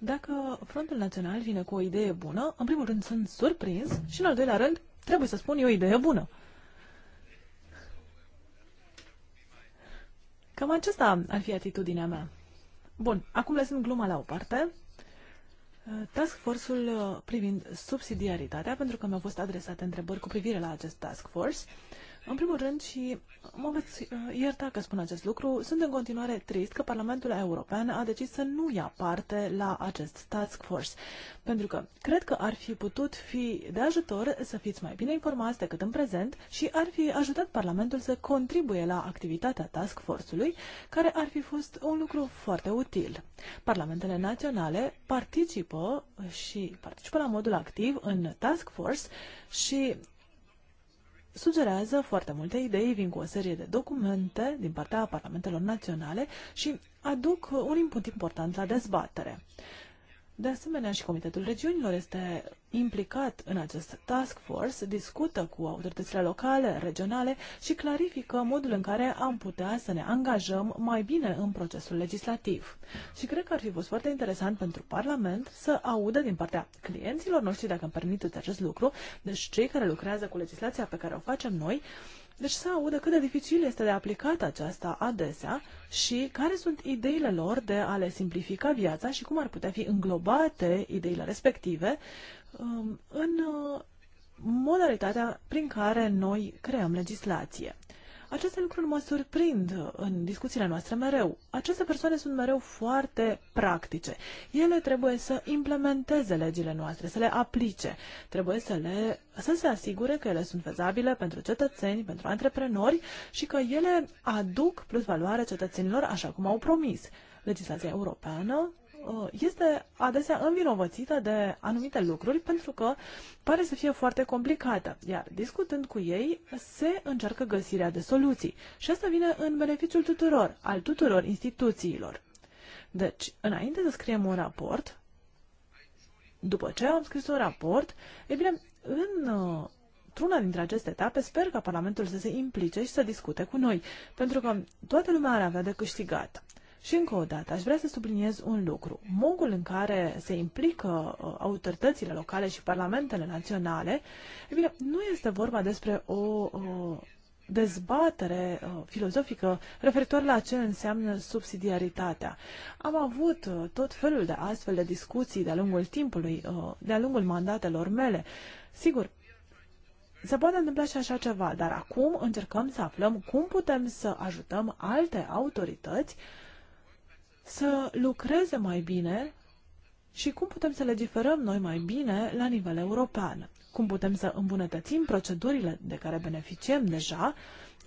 Dacă Frontul Național vine cu o idee bună, în primul rând sunt surprins și în al doilea rând trebuie să spun e o idee bună. Cam aceasta ar fi atitudinea mea. Bun, acum lăsăm gluma la o parte. Task Force-ul uh, privind subsidiaritatea, pentru că mi-au fost adresate întrebări cu privire la acest Task Force. În primul rând, și mă veți uh, ierta că spun acest lucru, sunt în continuare trist că Parlamentul European a decis să nu ia parte la acest task force, pentru că cred că ar fi putut fi de ajutor să fiți mai bine informați decât în prezent și ar fi ajutat Parlamentul să contribuie la activitatea task force-ului, care ar fi fost un lucru foarte util. Parlamentele naționale participă și participă la modul activ în task force și sugerează foarte multe idei, vin cu o serie de documente din partea parlamentelor naționale și aduc un input important la dezbatere. De asemenea, și Comitetul Regiunilor este implicat în acest task force, discută cu autoritățile locale, regionale și clarifică modul în care am putea să ne angajăm mai bine în procesul legislativ. Și cred că ar fi fost foarte interesant pentru Parlament să audă din partea clienților noștri, dacă îmi permiteți acest lucru, deci cei care lucrează cu legislația pe care o facem noi, uh, deci să audă cât de dificil este de aplicat aceasta adesea și care sunt ideile lor de a le simplifica viața și cum ar putea fi înglobate ideile respective um, în uh, modalitatea prin care noi creăm legislație. Aceste lucruri mă surprind în discuțiile noastre mereu. Aceste persoane sunt mereu foarte practice. Ele trebuie să implementeze legile noastre, să le aplice. Trebuie să, le, să se asigure că ele sunt fezabile pentru cetățeni, pentru antreprenori și că ele aduc plus valoare cetățenilor așa cum au promis. Legislația europeană Uh, este adesea învinovățită de anumite lucruri pentru că pare să fie foarte complicată, iar discutând cu ei se încearcă găsirea de soluții și asta vine în beneficiul tuturor, al tuturor instituțiilor. Deci, înainte să scriem un raport, după ce am scris un raport, e bine, în uh, una dintre aceste etape, sper ca Parlamentul să se implice și să discute cu noi, pentru că toată lumea ar avea de câștigat. Și încă o dată, aș vrea să subliniez un lucru. Modul în care se implică uh, autoritățile locale și parlamentele naționale, e bine, nu este vorba despre o, o uh, dezbatere uh, filozofică referitor la ce înseamnă subsidiaritatea. Am avut tot felul de astfel de discuții de-a lungul timpului, de-a lungul mandatelor mele. Sigur, se poate întâmpla și așa ceva, dar acum încercăm să aflăm cum putem să ajutăm alte autorități uh, să lucreze mai bine și cum putem să legiferăm noi mai bine la nivel european. Cum putem să îmbunătățim procedurile de care beneficiem deja,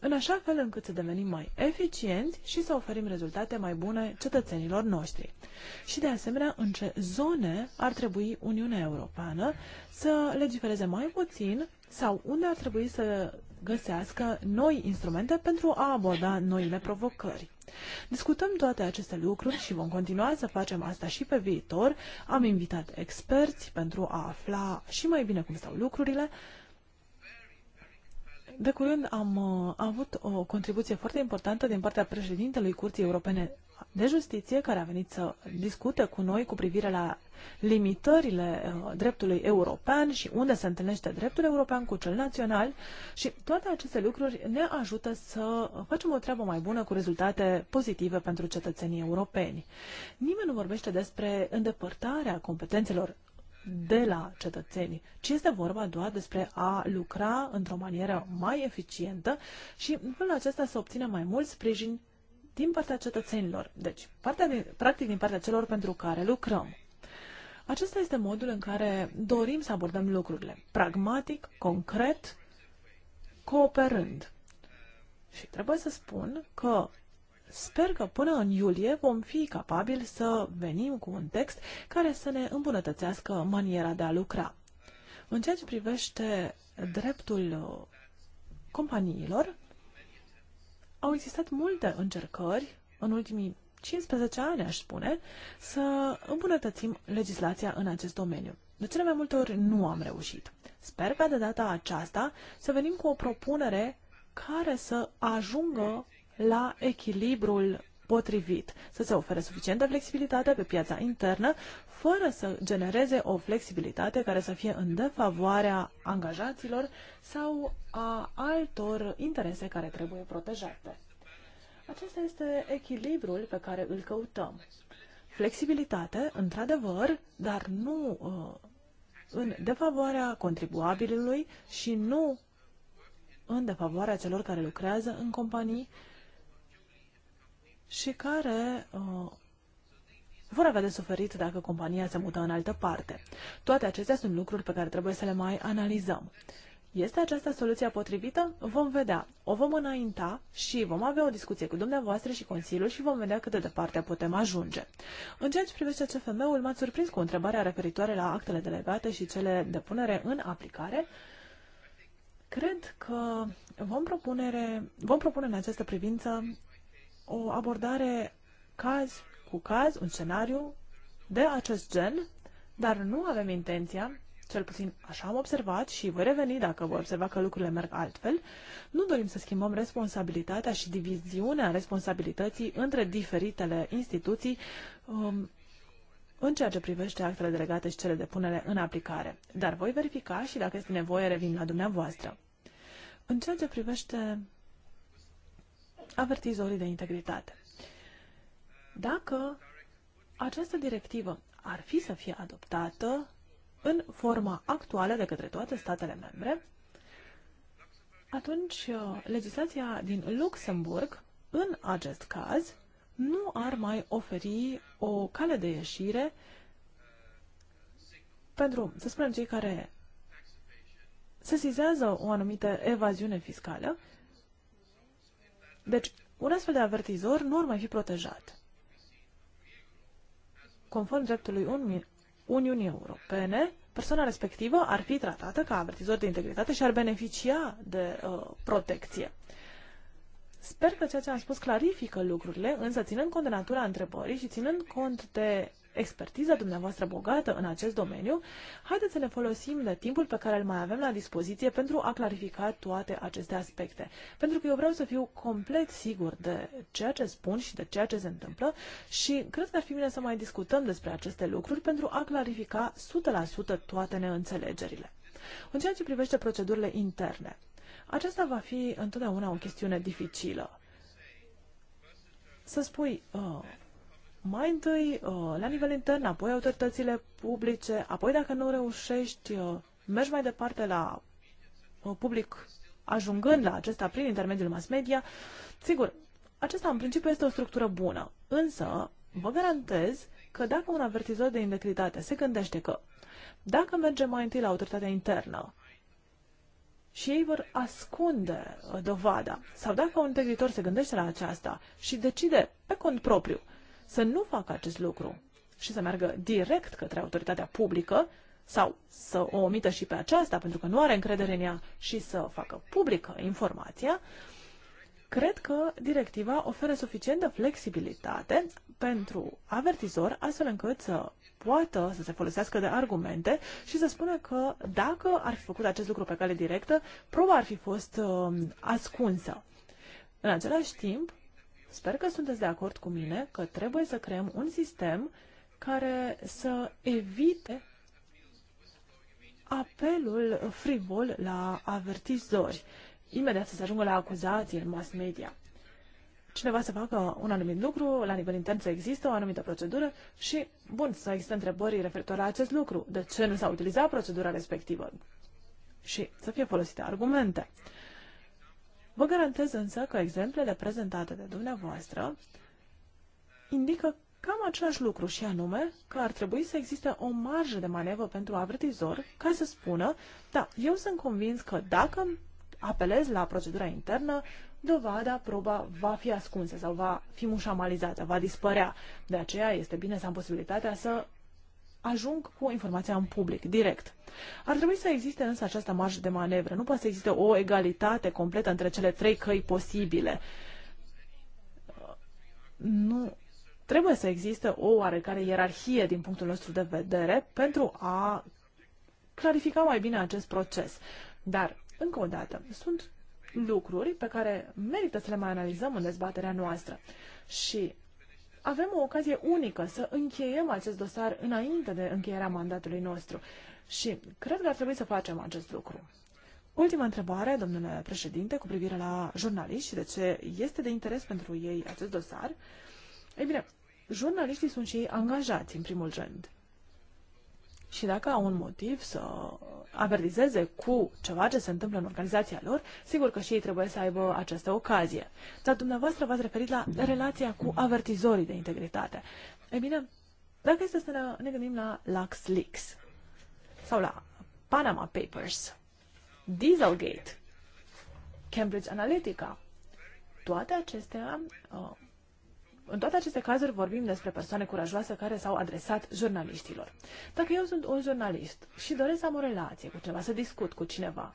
în așa fel încât să devenim mai eficienți și să oferim rezultate mai bune cetățenilor noștri. Și de asemenea, în ce zone ar trebui Uniunea Europeană să legifereze mai puțin sau unde ar trebui să găsească noi instrumente pentru a aborda noile provocări. Discutăm toate aceste lucruri și vom continua să facem asta și pe viitor. Am invitat experți pentru a afla și mai bine cum stau lucrurile. De curând am am uh, avut o contribuție foarte importantă din partea președintelui Curții Europene de Justiție, care a venit să discute cu noi cu privire la limitările uh, dreptului european și unde se întâlnește dreptul european cu cel național și toate aceste lucruri ne ajută să facem o treabă mai bună cu rezultate pozitive pentru cetățenii europeni. Nimeni nu vorbește despre îndepărtarea competențelor de la cetățeni, ci este vorba doar despre a lucra într-o manieră mai eficientă și în felul acesta să obținem mai mult sprijin din partea cetățenilor, deci partea din, practic din partea celor pentru care lucrăm. Acesta este modul în care dorim să abordăm lucrurile, pragmatic, concret, cooperând. Și trebuie să spun că sper că până în iulie vom fi capabili să venim cu un text care să ne îmbunătățească maniera de a lucra. În ceea ce privește dreptul uh, companiilor, au existat multe încercări în ultimii 15 ani, aș spune, să îmbunătățim legislația în acest domeniu. De cele mai multe ori nu am reușit. Sper ca de data aceasta să venim cu o propunere care să ajungă la echilibrul potrivit, să se ofere suficientă flexibilitate pe piața internă, fără să genereze o flexibilitate care să fie în defavoarea angajaților sau a altor interese care trebuie protejate. Acesta este echilibrul pe care îl căutăm. Flexibilitate, într-adevăr, dar nu uh, în defavoarea contribuabilului și nu în defavoarea celor care lucrează în companii și care uh, vor avea de suferit dacă compania se mută în altă parte. Toate acestea sunt lucruri pe care trebuie să le mai analizăm. Este aceasta soluția potrivită? Vom vedea. O vom înainta și vom avea o discuție cu dumneavoastră și Consiliul și vom vedea cât de departe putem ajunge. În ceea ce privește CFM-ul, m-ați surprins cu întrebarea referitoare la actele delegate și cele de punere în aplicare. Cred că vom, propunere, vom propune în această privință o abordare caz cu caz, un scenariu de acest gen, dar nu avem intenția, cel puțin așa am observat și voi reveni dacă voi observa că lucrurile merg altfel, nu dorim să schimbăm responsabilitatea și diviziunea responsabilității între diferitele instituții um, în ceea ce privește actele delegate și cele de punere în aplicare. Dar voi verifica și dacă este nevoie revin la dumneavoastră. În ceea ce privește avertizorii de integritate. Dacă această directivă ar fi să fie adoptată în forma actuală de către toate statele membre, atunci uh, legislația din Luxemburg, în acest caz, nu ar mai oferi o cale de ieșire pentru, să spunem, cei care sesizează o anumită evaziune fiscală. Deci, un astfel de avertizor nu ar mai fi protejat conform dreptului Uniunii Europene, persoana respectivă ar fi tratată ca avertizor de integritate și ar beneficia de uh, protecție. Sper că ceea ce am spus clarifică lucrurile, însă ținând cont de natura întrebării și ținând cont de expertiza dumneavoastră bogată în acest domeniu, haideți să ne folosim de timpul pe care îl mai avem la dispoziție pentru a clarifica toate aceste aspecte. Pentru că eu vreau să fiu complet sigur de ceea ce spun și de ceea ce se întâmplă și cred că ar fi bine să mai discutăm despre aceste lucruri pentru a clarifica 100% toate neînțelegerile. În ceea ce privește procedurile interne, aceasta va fi întotdeauna o chestiune dificilă. Să spui uh, mai întâi uh, la nivel intern, apoi autoritățile publice, apoi dacă nu reușești, uh, mergi mai departe la uh, public, ajungând la acesta prin intermediul mass media. Sigur, acesta în principiu este o structură bună, însă vă garantez că dacă un avertizor de integritate se gândește că dacă mergem mai întâi la autoritatea internă și ei vor ascunde dovada, sau dacă un integritor se gândește la aceasta și decide pe cont propriu să nu facă acest lucru și să meargă direct către autoritatea publică sau să o omită și pe aceasta pentru că nu are încredere în ea și să facă publică informația, cred că directiva oferă suficientă flexibilitate pentru avertizor astfel încât să poată să se folosească de argumente și să spună că dacă ar fi făcut acest lucru pe cale directă, proba ar fi fost uh, ascunsă. În același timp, Sper că sunteți de acord cu mine că trebuie să creăm un sistem care să evite apelul frivol la avertizori, imediat să se ajungă la acuzații în mass media. Cineva să facă un anumit lucru, la nivel intern să există o anumită procedură și, bun, să există întrebări referitoare la acest lucru. De ce nu s-a utilizat procedura respectivă? Și să fie folosite argumente. Vă garantez însă că exemplele prezentate de dumneavoastră indică cam același lucru și anume că ar trebui să existe o marjă de manevră pentru avertizor ca să spună, da, eu sunt convins că dacă apelez la procedura internă, dovada, proba va fi ascunsă sau va fi mușamalizată, va dispărea. De aceea este bine să am posibilitatea să ajung cu informația în public, direct. Ar trebui să existe însă această marjă de manevră. Nu poate să existe o egalitate completă între cele trei căi posibile. Nu trebuie să existe o oarecare ierarhie din punctul nostru de vedere pentru a clarifica mai bine acest proces. Dar, încă o dată, sunt lucruri pe care merită să le mai analizăm în dezbaterea noastră. Și avem o ocazie unică să încheiem acest dosar înainte de încheierea mandatului nostru și cred că ar trebui să facem acest lucru. Ultima întrebare, domnule președinte, cu privire la jurnaliști și de ce este de interes pentru ei acest dosar. Ei bine, jurnaliștii sunt și ei angajați, în primul rând și dacă au un motiv să avertizeze cu ceva ce se întâmplă în organizația lor, sigur că și ei trebuie să aibă această ocazie. Dar dumneavoastră v-ați referit la relația cu avertizorii de integritate. Ei bine, dacă este să ne, ne gândim la LuxLeaks sau la Panama Papers, Dieselgate, Cambridge Analytica, toate acestea uh, în toate aceste cazuri vorbim despre persoane curajoase care s-au adresat jurnaliștilor. Dacă eu sunt un jurnalist și doresc să am o relație cu ceva să discut cu cineva,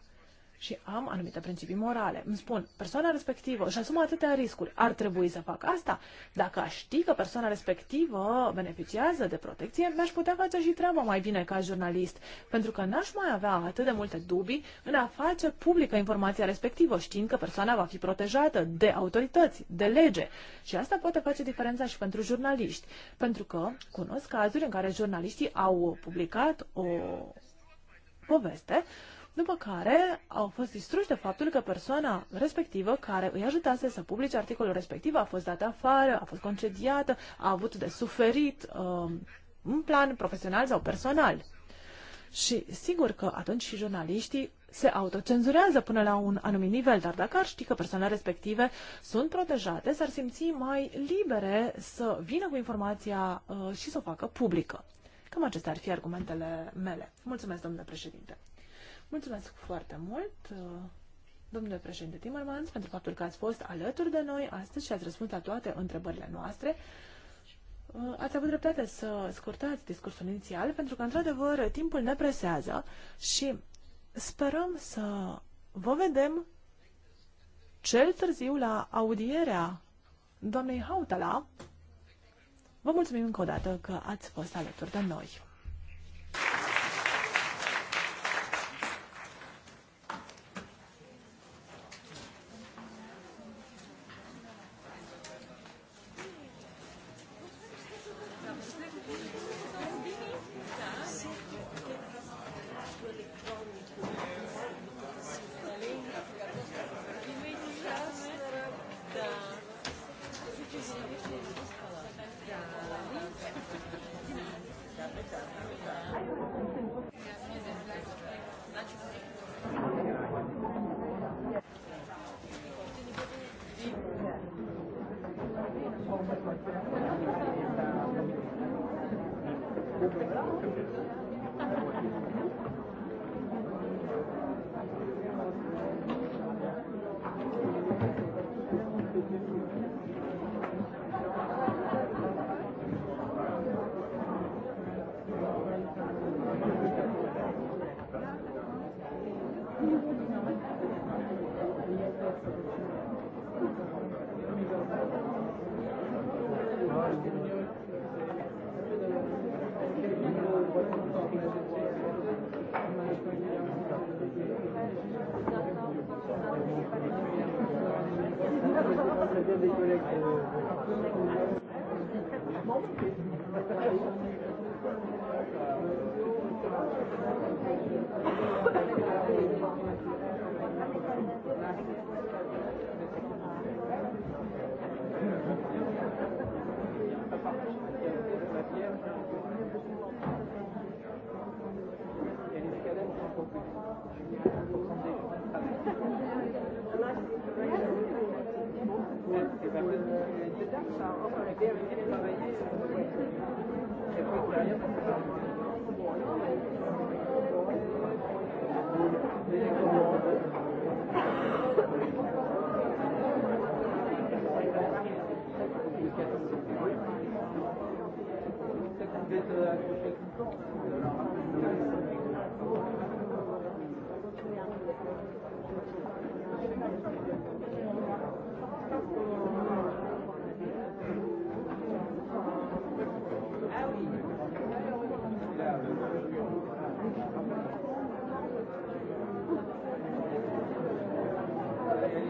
și am anumite principii morale. Îmi spun, persoana respectivă își asumă atâtea riscuri, ar trebui să fac asta? Dacă aș ști că persoana respectivă beneficiază de protecție, mi-aș putea face și treaba mai bine ca jurnalist, pentru că n-aș mai avea atât de multe dubii în a face publică informația respectivă, știind că persoana va fi protejată de autorități, de lege. Și asta poate face diferența și pentru jurnaliști, pentru că cunosc cazuri în care jurnaliștii au publicat o poveste după care au fost distruși de faptul că persoana respectivă care îi ajutase să publice articolul respectiv a fost dată afară, a fost concediată, a avut de suferit uh, în plan profesional sau personal. Și sigur că atunci și jurnaliștii se autocenzurează până la un anumit nivel, dar dacă ar ști că persoanele respective sunt protejate, s-ar simți mai libere să vină cu informația uh, și să o facă publică. Cam acestea ar fi argumentele mele. Mulțumesc, domnule președinte. Mulțumesc foarte mult, domnule președinte Timmermans, pentru faptul că ați fost alături de noi astăzi și ați răspuns la toate întrebările noastre. Ați avut dreptate să scurtați discursul inițial, pentru că, într-adevăr, timpul ne presează și sperăm să vă vedem cel târziu la audierea doamnei Hautala. Vă mulțumim încă o dată că ați fost alături de noi.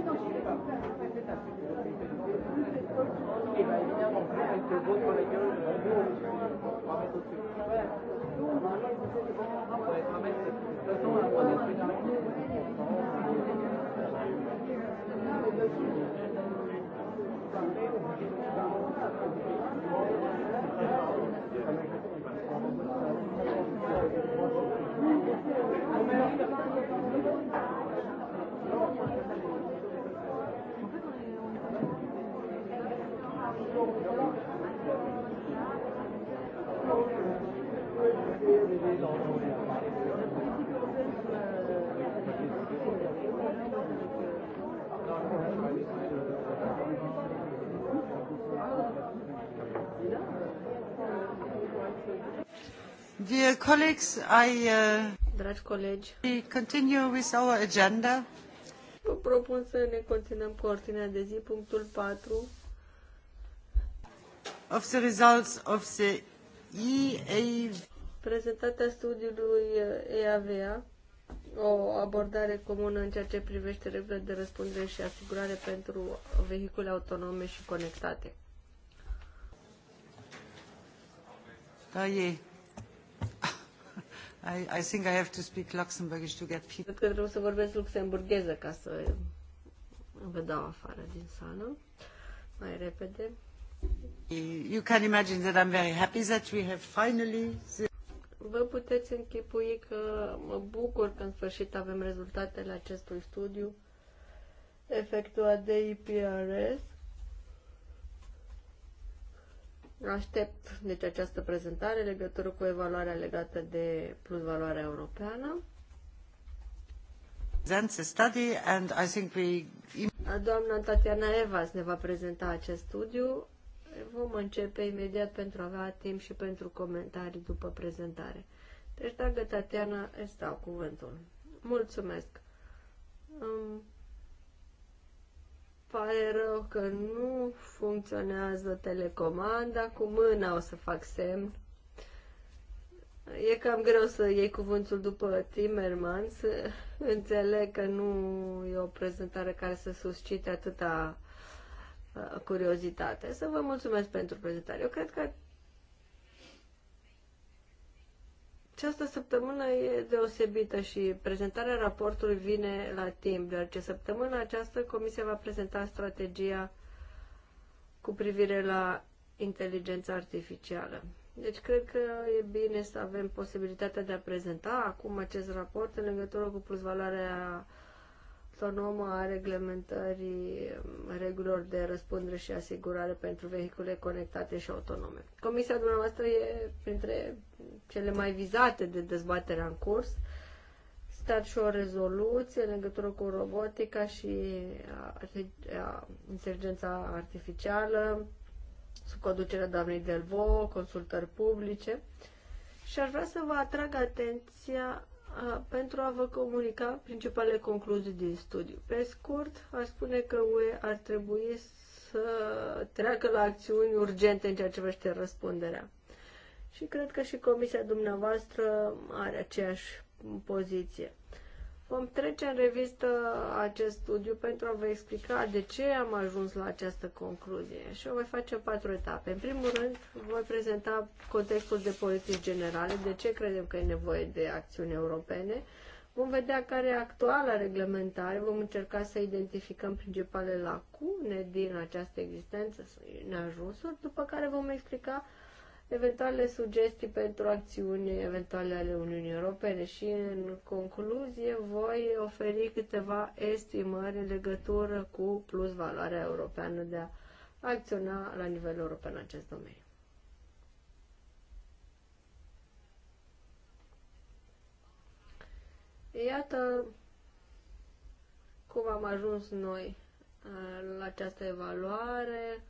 Uite-o și
colleagues, I uh, Dragi colegi, we continue with our
agenda.
Vă propun să ne continuăm cu ordinea de zi, punctul 4.
Of the results of the
EAV. Prezentarea studiului EAVA, o abordare comună în ceea ce privește regulile de răspundere și asigurare pentru vehicule autonome și conectate.
Da, ah, e. I, I think I have to speak Luxembourgish to get people. Cred că
trebuie să vorbesc luxemburgheză ca să vă dau afară din sală mai repede.
You can imagine that I'm very happy that we have finally
Vă puteți închipui că mă bucur că în sfârșit avem rezultatele acestui studiu efectuat de IPRS Aștept deci această prezentare legătură cu evaluarea legată de plus valoarea europeană. Study and I think we... Doamna Tatiana Evas ne va prezenta acest studiu. Vom începe imediat pentru a avea timp și pentru comentarii după prezentare. Deci, dragă Tatiana, îți dau cuvântul. Mulțumesc! Um pare rău că nu funcționează telecomanda, cu mâna o să fac semn. E cam greu să iei cuvântul după Timmermans. Înțeleg că nu e o prezentare care să suscite atâta uh, curiozitate. Să vă mulțumesc pentru prezentare. Eu cred că Această săptămână e deosebită și prezentarea raportului vine la timp, deoarece săptămâna aceasta Comisia va prezenta strategia cu privire la inteligența artificială. Deci cred că e bine să avem posibilitatea de a prezenta acum acest raport în legătură cu plusvaloarea autonomă a reglementării regulilor de răspundere și asigurare pentru vehicule conectate și autonome. Comisia dumneavoastră e printre cele mai vizate de dezbaterea în curs. Stat și o rezoluție în legătură cu robotica și inteligența artificială, sub conducerea doamnei Delvo, consultări publice. Și aș vrea să vă atrag atenția pentru a vă comunica principalele concluzii din studiu. Pe scurt, aș spune că UE ar trebui să treacă la acțiuni urgente în ceea ce privește răspunderea. Și cred că și comisia dumneavoastră are aceeași poziție. Vom trece în revistă acest studiu pentru a vă explica de ce am ajuns la această concluzie și o voi face în patru etape. În primul rând, voi prezenta contextul de politici generale, de ce credem că e nevoie de acțiuni europene. Vom vedea care e actuala reglementare, vom încerca să identificăm principalele lacune din această existență, neajunsuri, după care vom explica eventuale sugestii pentru acțiuni eventuale ale Uniunii Europene și în concluzie voi oferi câteva estimări în legătură cu plus valoarea europeană de a acționa la nivel european în acest domeniu. Iată cum am ajuns noi uh, la această evaluare,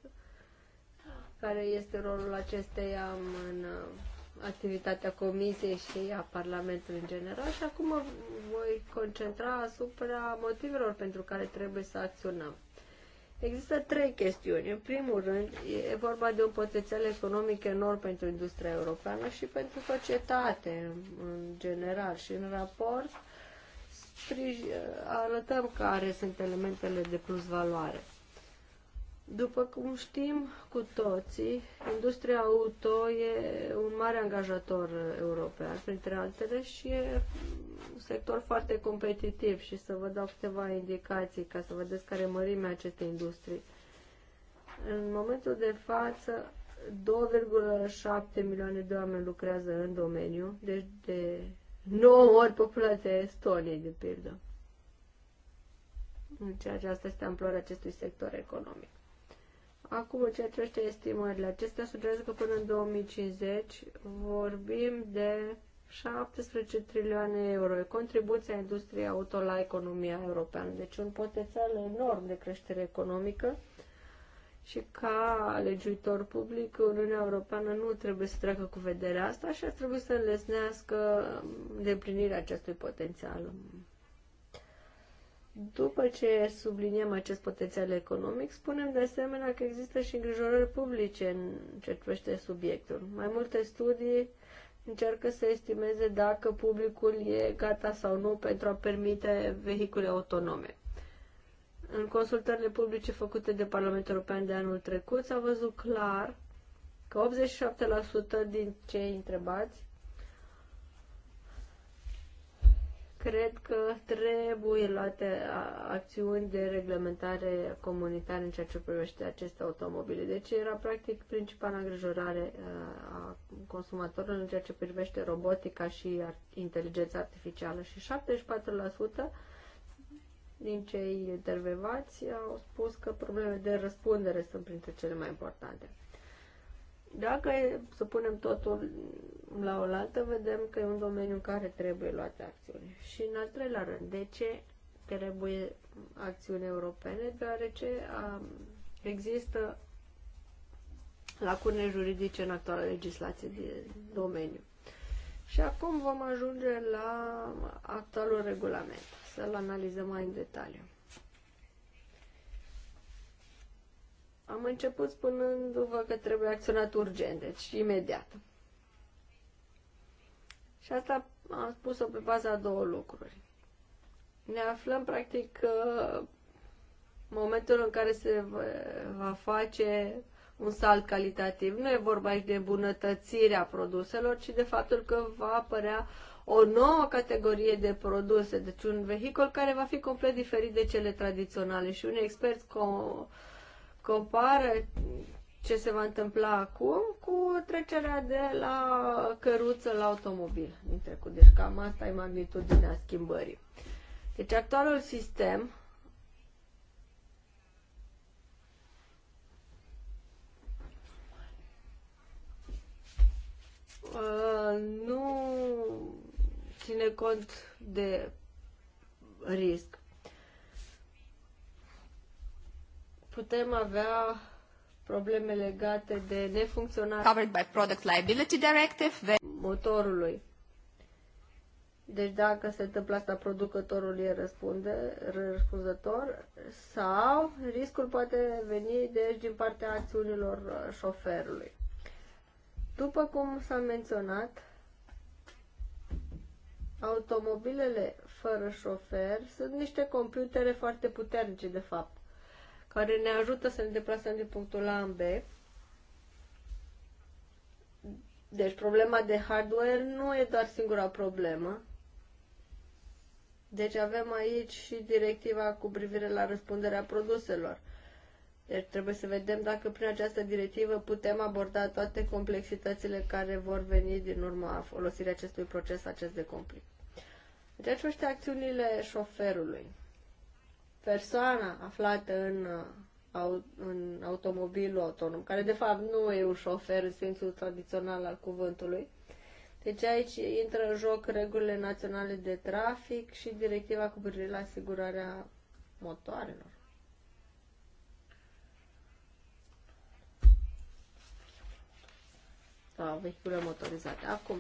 care este rolul acesteia în uh, activitatea Comisiei și a Parlamentului în general și acum mă voi concentra asupra motivelor pentru care trebuie să acționăm. Există trei chestiuni. În primul rând, e vorba de un potențial economic enorm pentru industria europeană și pentru societate în general. Și în raport uh, arătăm care sunt elementele de plus valoare. După cum știm cu toții, industria auto e un mare angajator european, printre altele, și e un sector foarte competitiv și să vă dau câteva indicații ca să vedeți care mărimea acestei industrii. În momentul de față, 2,7 milioane de oameni lucrează în domeniu, deci de 9 ori populația Estoniei, de pildă. În ceea ce asta este amploarea acestui sector economic. Acum, în ceea ce privește estimările, acestea sugerează că până în 2050 vorbim de 17 trilioane euro. E contribuția industriei auto la economia europeană. Deci un potențial enorm de creștere economică și ca legiuitor public, Uniunea Europeană nu trebuie să treacă cu vederea asta și ar trebui să înlesnească deplinirea acestui potențial. După ce subliniem acest potențial economic, spunem de asemenea că există și îngrijorări publice în ce privește subiectul. Mai multe studii încearcă să estimeze dacă publicul e gata sau nu pentru a permite vehicule autonome. În consultările publice făcute de Parlamentul European de anul trecut s-a văzut clar că 87% din cei întrebați Cred că trebuie luate acțiuni de reglementare comunitară în ceea ce privește aceste automobile. Deci era practic principala îngrijorare a consumatorilor în ceea ce privește robotica și inteligența artificială. Și 74% din cei intervevați au spus că problemele de răspundere sunt printre cele mai importante. Dacă să punem totul la oaltă, vedem că e un domeniu în care trebuie luată acțiune. Și în al treilea rând, de ce trebuie acțiuni europene? Deoarece um, există lacune juridice în actuala legislație de domeniu. Și acum vom ajunge la actualul regulament, să-l analizăm mai în detaliu. Am început spunându-vă că trebuie acționat urgent, deci imediat. Și asta am spus-o pe baza două lucruri. Ne aflăm, practic, că uh, momentul în care se va face un salt calitativ. Nu e vorba aici de îmbunătățirea produselor, ci de faptul că va apărea o nouă categorie de produse, deci un vehicul care va fi complet diferit de cele tradiționale și unii experți com- compară ce se va întâmpla acum cu trecerea de la căruță la automobil din trecut. Deci cam asta e magnitudinea schimbării. Deci actualul sistem
uh,
nu ține cont de risc. putem avea probleme legate de nefuncționare covered by Product Liability Directive motorului. Deci dacă se întâmplă asta, producătorul e răspunde, răspunzător sau riscul poate veni deci din partea acțiunilor uh, șoferului. După cum s-a menționat, automobilele fără șofer sunt niște computere foarte puternice, de fapt care ne ajută să ne deplasăm din punctul A în B. Deci problema de hardware nu e doar singura problemă. Deci avem aici și directiva cu privire la răspunderea produselor. Deci trebuie să vedem dacă prin această directivă putem aborda toate complexitățile care vor veni din urma folosirii acestui proces, acest de complic. Deci, ce acțiunile șoferului? persoana aflată în, uh, în automobilul autonom, care de fapt nu e un șofer în sensul tradițional al cuvântului. Deci aici intră în joc regulile naționale de trafic și directiva cu privire la asigurarea motoarelor. sau vehicule motorizate. Acum,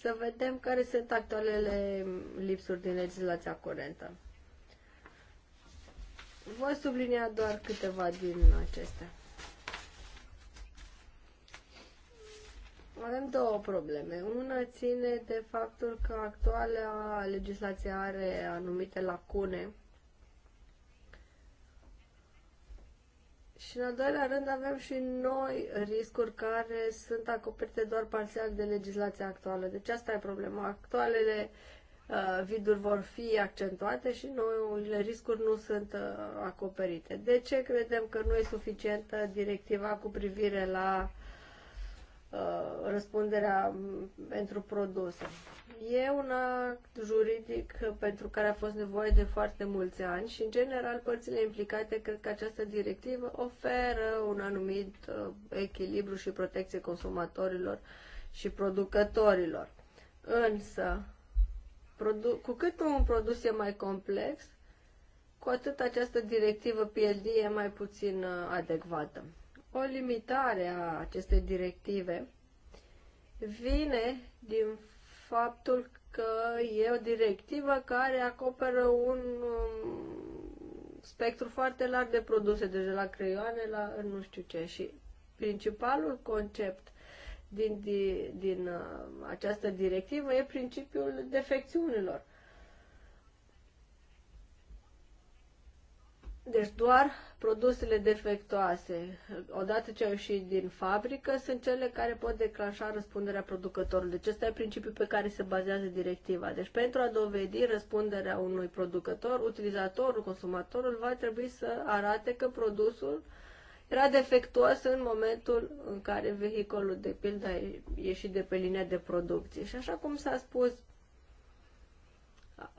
să vedem care sunt actualele lipsuri din legislația curentă. Voi sublinia doar câteva din acestea. Avem două probleme. Una ține de faptul că actuala legislație are anumite lacune Și în al doilea rând avem și noi riscuri care sunt acoperite doar parțial de legislația actuală. Deci asta e problema. Actualele Uh, viduri vor fi accentuate și noile riscuri nu sunt uh, acoperite. De ce credem că nu e suficientă directiva cu privire la uh, răspunderea mm, pentru produse? E un act juridic pentru care a fost nevoie de foarte mulți ani și, în general, părțile implicate cred că această directivă oferă un anumit echilibru și protecție consumatorilor și producătorilor. Însă, cu cât un produs e mai complex, cu atât această directivă PLD e mai puțin uh, adecvată. O limitare a acestei directive vine din faptul că e o directivă care acoperă un um, spectru foarte larg de produse, de la creioane la nu știu ce. Și principalul concept din, din, din uh, această directivă e principiul defecțiunilor. Deci doar produsele defectoase, odată ce au ieșit din fabrică, sunt cele care pot declanșa răspunderea producătorului. Deci ăsta e principiul pe care se bazează directiva. Deci pentru a dovedi răspunderea unui producător, utilizatorul, consumatorul va trebui să arate că produsul uh, era defectuos în momentul în care vehiculul de pildă a ieșit de pe linia de producție. Și așa cum s-a spus,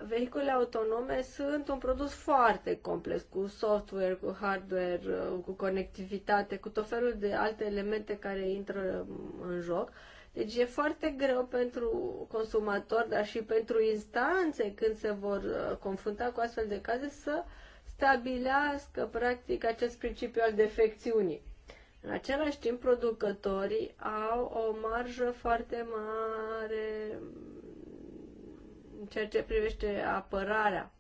vehiculele autonome sunt un produs foarte complex, cu software, cu hardware, cu conectivitate, cu tot felul de alte elemente care intră în joc. Deci e foarte greu pentru consumator, dar și pentru instanțe când se vor uh, confrunta cu astfel de caze să uh, stabilească, practic, acest principiu al defecțiunii. În același timp, producătorii au o marjă foarte mare în ceea ce privește apărarea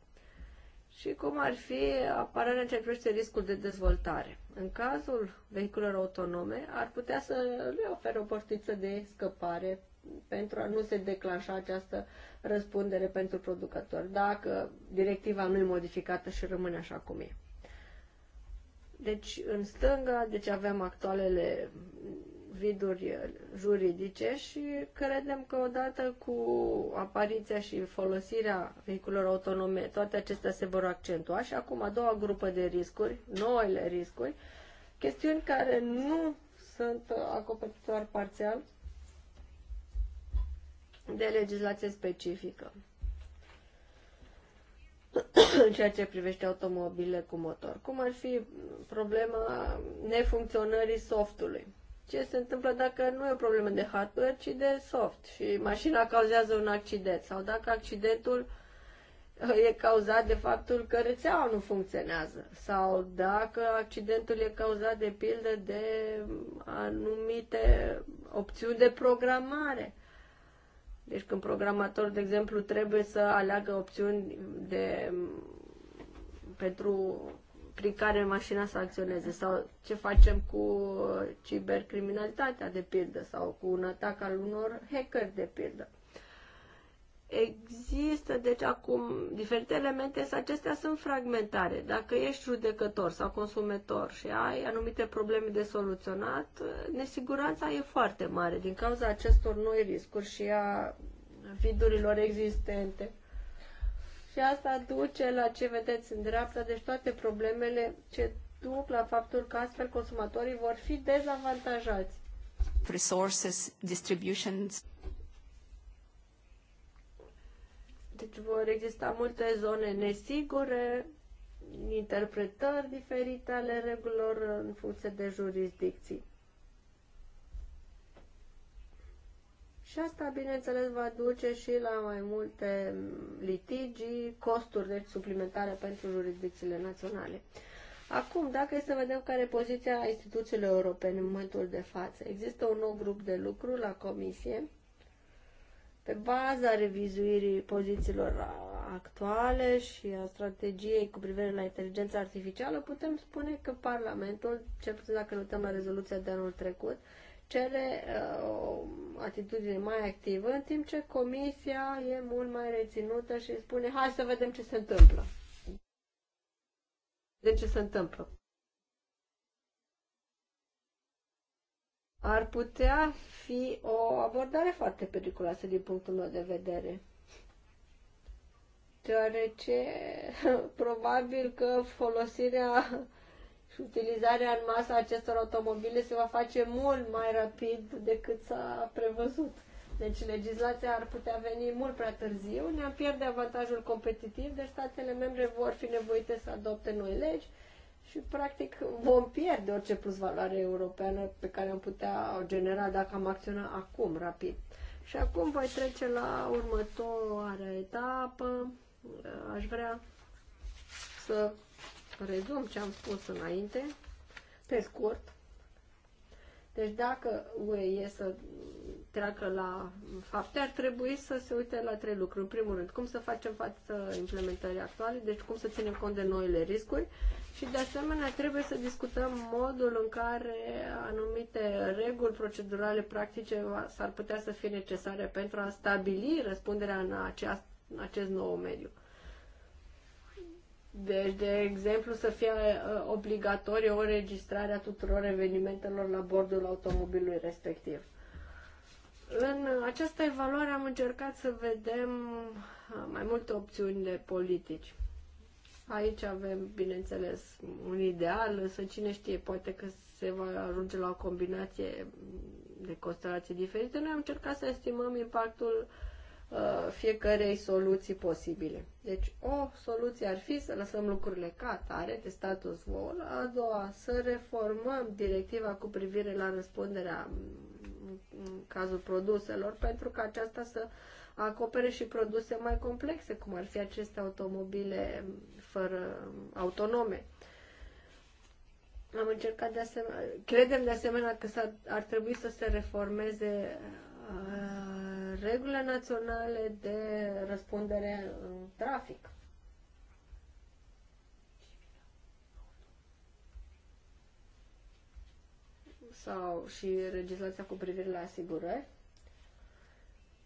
și cum ar fi apărarea în ceea ce privește riscul de dezvoltare. În cazul vehiculelor autonome, ar putea să le ofere o portiță de scăpare pentru a nu se declanșa această răspundere pentru producători, dacă directiva nu e modificată și rămâne așa cum e. Deci, în stânga, deci avem actualele viduri juridice și credem că odată cu apariția și folosirea vehiculelor autonome, toate acestea se vor accentua și acum a doua grupă de riscuri, noile riscuri, chestiuni care nu sunt acoperite doar parțial, de legislație specifică în ceea ce privește automobilele cu motor, cum ar fi problema nefuncționării softului. Ce se întâmplă dacă nu e o problemă de hardware, ci de soft și mașina cauzează un accident sau dacă accidentul e cauzat de faptul că rețeaua nu funcționează sau dacă accidentul e cauzat de pildă de anumite opțiuni de programare deci când programator, de exemplu, trebuie să aleagă opțiuni de, pentru, prin care mașina să acționeze sau ce facem cu cibercriminalitatea, de pildă, sau cu un atac al unor hacker, de pildă. Există deci acum diferite elemente, să acestea sunt fragmentare. Dacă ești judecător sau consumator și ai anumite probleme de soluționat, nesiguranța e foarte mare din cauza acestor noi riscuri și a vidurilor existente. Și asta duce la ce vedeți în dreapta, deci toate problemele ce duc la faptul că astfel consumatorii vor fi dezavantajați. Resources, distributions. Deci vor exista multe zone nesigure, interpretări diferite ale regulilor în funcție de jurisdicții. Și asta, bineînțeles, va duce și la mai multe litigii, costuri deci, suplimentare pentru jurisdicțiile naționale. Acum, dacă e să vedem care e poziția instituțiilor europene în momentul de față, există un nou grup de lucru la Comisie pe baza revizuirii pozițiilor actuale și a strategiei cu privire la inteligența artificială, putem spune că Parlamentul, cel puțin dacă ne uităm la rezoluția de anul trecut, cere uh, o atitudine mai activă, în timp ce Comisia e mult mai reținută și spune hai să vedem ce se întâmplă. De ce se întâmplă? ar putea fi o abordare foarte periculoasă din punctul meu de vedere. Deoarece probabil că folosirea și utilizarea în masă a acestor automobile se va face mult mai rapid decât s-a prevăzut. Deci legislația ar putea veni mult prea târziu, ne-am pierde avantajul competitiv, deci statele membre vor fi nevoite să adopte noi legi și practic vom pierde orice plus valoare europeană pe care am putea o genera dacă am acționa acum, rapid. Și acum voi trece la următoarea etapă. Aș vrea să rezum ce am spus înainte, pe scurt. Deci dacă UE e să treacă la fapte, ar trebui să se uite la trei lucruri. În primul rând, cum să facem față implementării actuale, deci cum să ținem cont de noile riscuri și de asemenea trebuie să discutăm modul în care anumite reguli procedurale practice s-ar putea să fie necesare pentru a stabili răspunderea în, aceast, în acest nou mediu. Deci, de exemplu, să fie uh, obligatorie o registrare a tuturor evenimentelor la bordul automobilului respectiv. În această evaluare am încercat să vedem uh, mai multe opțiuni de politici. Aici avem, bineînțeles, un ideal, însă cine știe, poate că se va ajunge la o combinație de constelații diferite. Noi am încercat să estimăm impactul uh, fiecarei soluții posibile. Deci, o soluție ar fi să lăsăm lucrurile ca atare, de status quo, a doua, să reformăm directiva cu privire la răspunderea mm, în cazul produselor, pentru că aceasta să uh, acopere și produse mai complexe, cum ar fi aceste automobile fără autonome. Am încercat de asemenea, credem de asemenea că ar trebui să se reformeze uh, regulile naționale de răspundere în trafic. sau și legislația cu privire la asigurări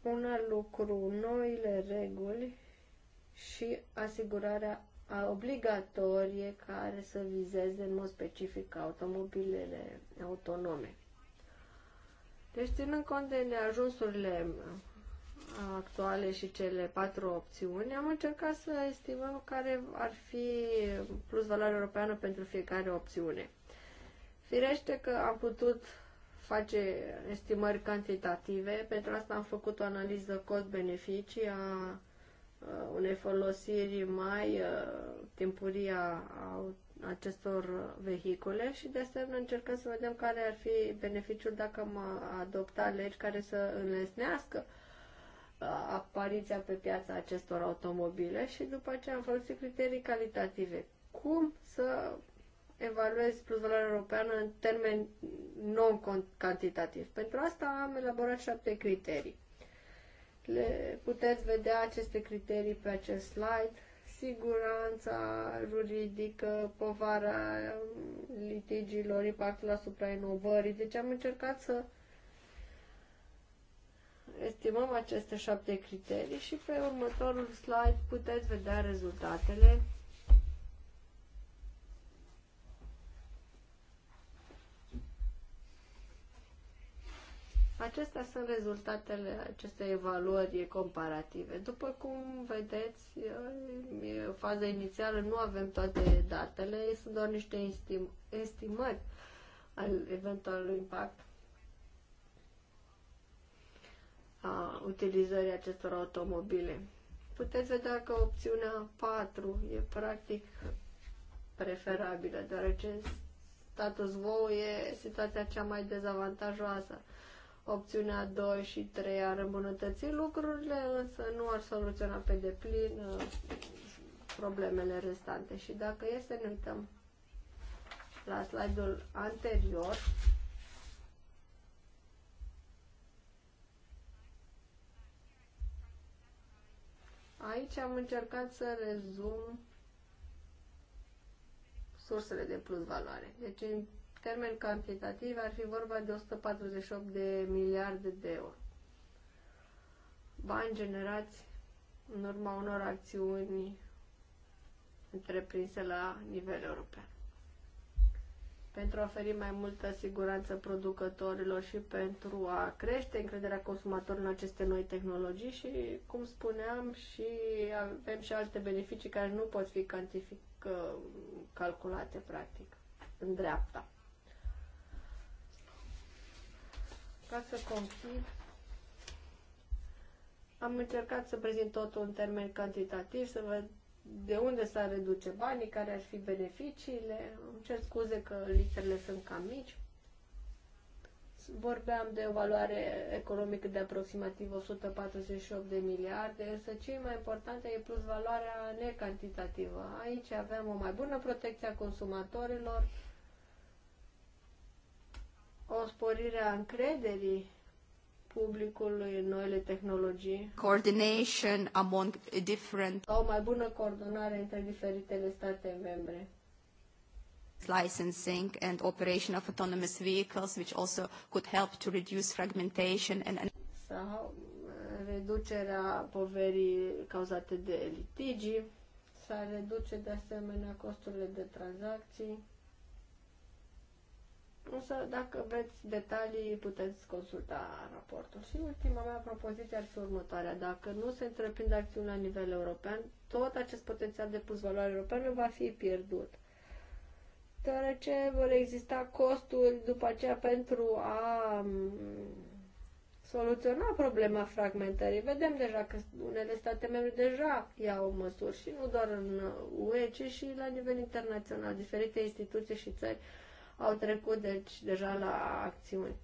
un lucru, noile reguli și asigurarea obligatorie care să vizeze în mod specific automobilele autonome. Deci, ținând cont de neajunsurile actuale și cele patru opțiuni, am încercat să estimăm care ar fi plus valoarea europeană pentru fiecare opțiune. Firește că am putut face estimări cantitative. Pentru asta am făcut o analiză cost-beneficii a unei folosiri mai timpurii a acestor vehicule și de asemenea încercăm să vedem care ar fi beneficiul dacă am adoptat legi care să înlesnească apariția pe piața acestor automobile și după aceea am folosit criterii calitative. Cum să evaluez valoarea europeană în termeni non-cantitativ. Pentru asta am elaborat șapte criterii. Le puteți vedea aceste criterii pe acest slide. Siguranța juridică, povara litigiilor, impactul asupra inovării. Deci am încercat să estimăm aceste șapte criterii și pe următorul slide puteți vedea rezultatele Acestea sunt rezultatele acestei evaluări comparative. După cum vedeți,
în
faza inițială nu avem toate datele, sunt doar niște estim- estimări al eventualului impact a utilizării acestor automobile. Puteți vedea că opțiunea 4 e practic preferabilă, deoarece status quo e situația cea mai dezavantajoasă opțiunea 2 și 3 ar îmbunătăți lucrurile, însă nu ar soluționa pe deplin uh, problemele restante. Și dacă e să ne uităm la slide-ul anterior, Aici am încercat să rezum sursele de plus valoare. Deci termen cantitativ ar fi vorba de 148 de miliarde de euro. Bani generați în urma unor acțiuni întreprinse la nivel european. Pentru a oferi mai multă siguranță producătorilor și pentru a crește încrederea consumatorilor în aceste noi tehnologii și, cum spuneam, și avem și alte beneficii care nu pot fi cantific, calculate, practic, în dreapta. Ca să conchid, am încercat să prezint totul în termeni cantitativ, să văd de unde s-ar reduce banii, care ar fi beneficiile. Îmi cer scuze că literele sunt cam mici. Vorbeam de o valoare economică de aproximativ 148 de miliarde, însă e mai important e plus valoarea necantitativă. Aici avem o mai bună protecție a consumatorilor, o sporire a încrederii publicului în noile tehnologii. Coordination among different... O mai bună coordonare între diferitele state membre. Licensing and operation of autonomous vehicles, which also could help to reduce fragmentation and... Sau uh, reducerea poverii cauzate de litigii, să reduce de asemenea costurile de tranzacții. Însă, dacă veți detalii, puteți consulta raportul. Și ultima mea propoziție ar fi următoarea. Dacă nu se întreprinde acțiuni la nivel european, tot acest potențial de plus valoare europeană va fi pierdut. Deoarece vor exista costuri după aceea pentru a soluționa problema fragmentării. Vedem deja că unele state membre deja iau măsuri și nu doar în UE, ci și la nivel internațional. Diferite instituții și țări au trecut deci deja la acțiuni.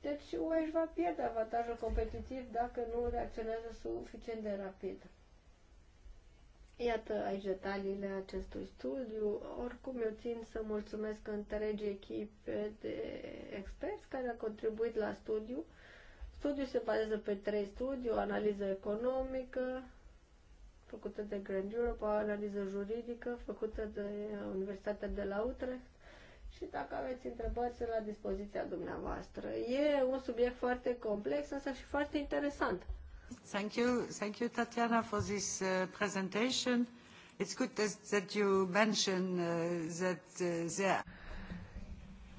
Deci UE își va pierde avantajul competitiv dacă nu reacționează suficient de rapid. Iată aici detaliile acestui studiu. Oricum, eu țin să mulțumesc întregii echipe de experți care au contribuit la studiu. Studiul se bazează pe trei studii, o analiză economică făcută de Grand Europe, o analiză juridică făcută de Universitatea de la Utrecht și dacă aveți întrebări, sunt la dispoziția dumneavoastră. E un subiect foarte complex, însă și foarte interesant.
Thank you, thank you Tatiana for this uh, presentation. It's
good that, that you mention uh, that uh, there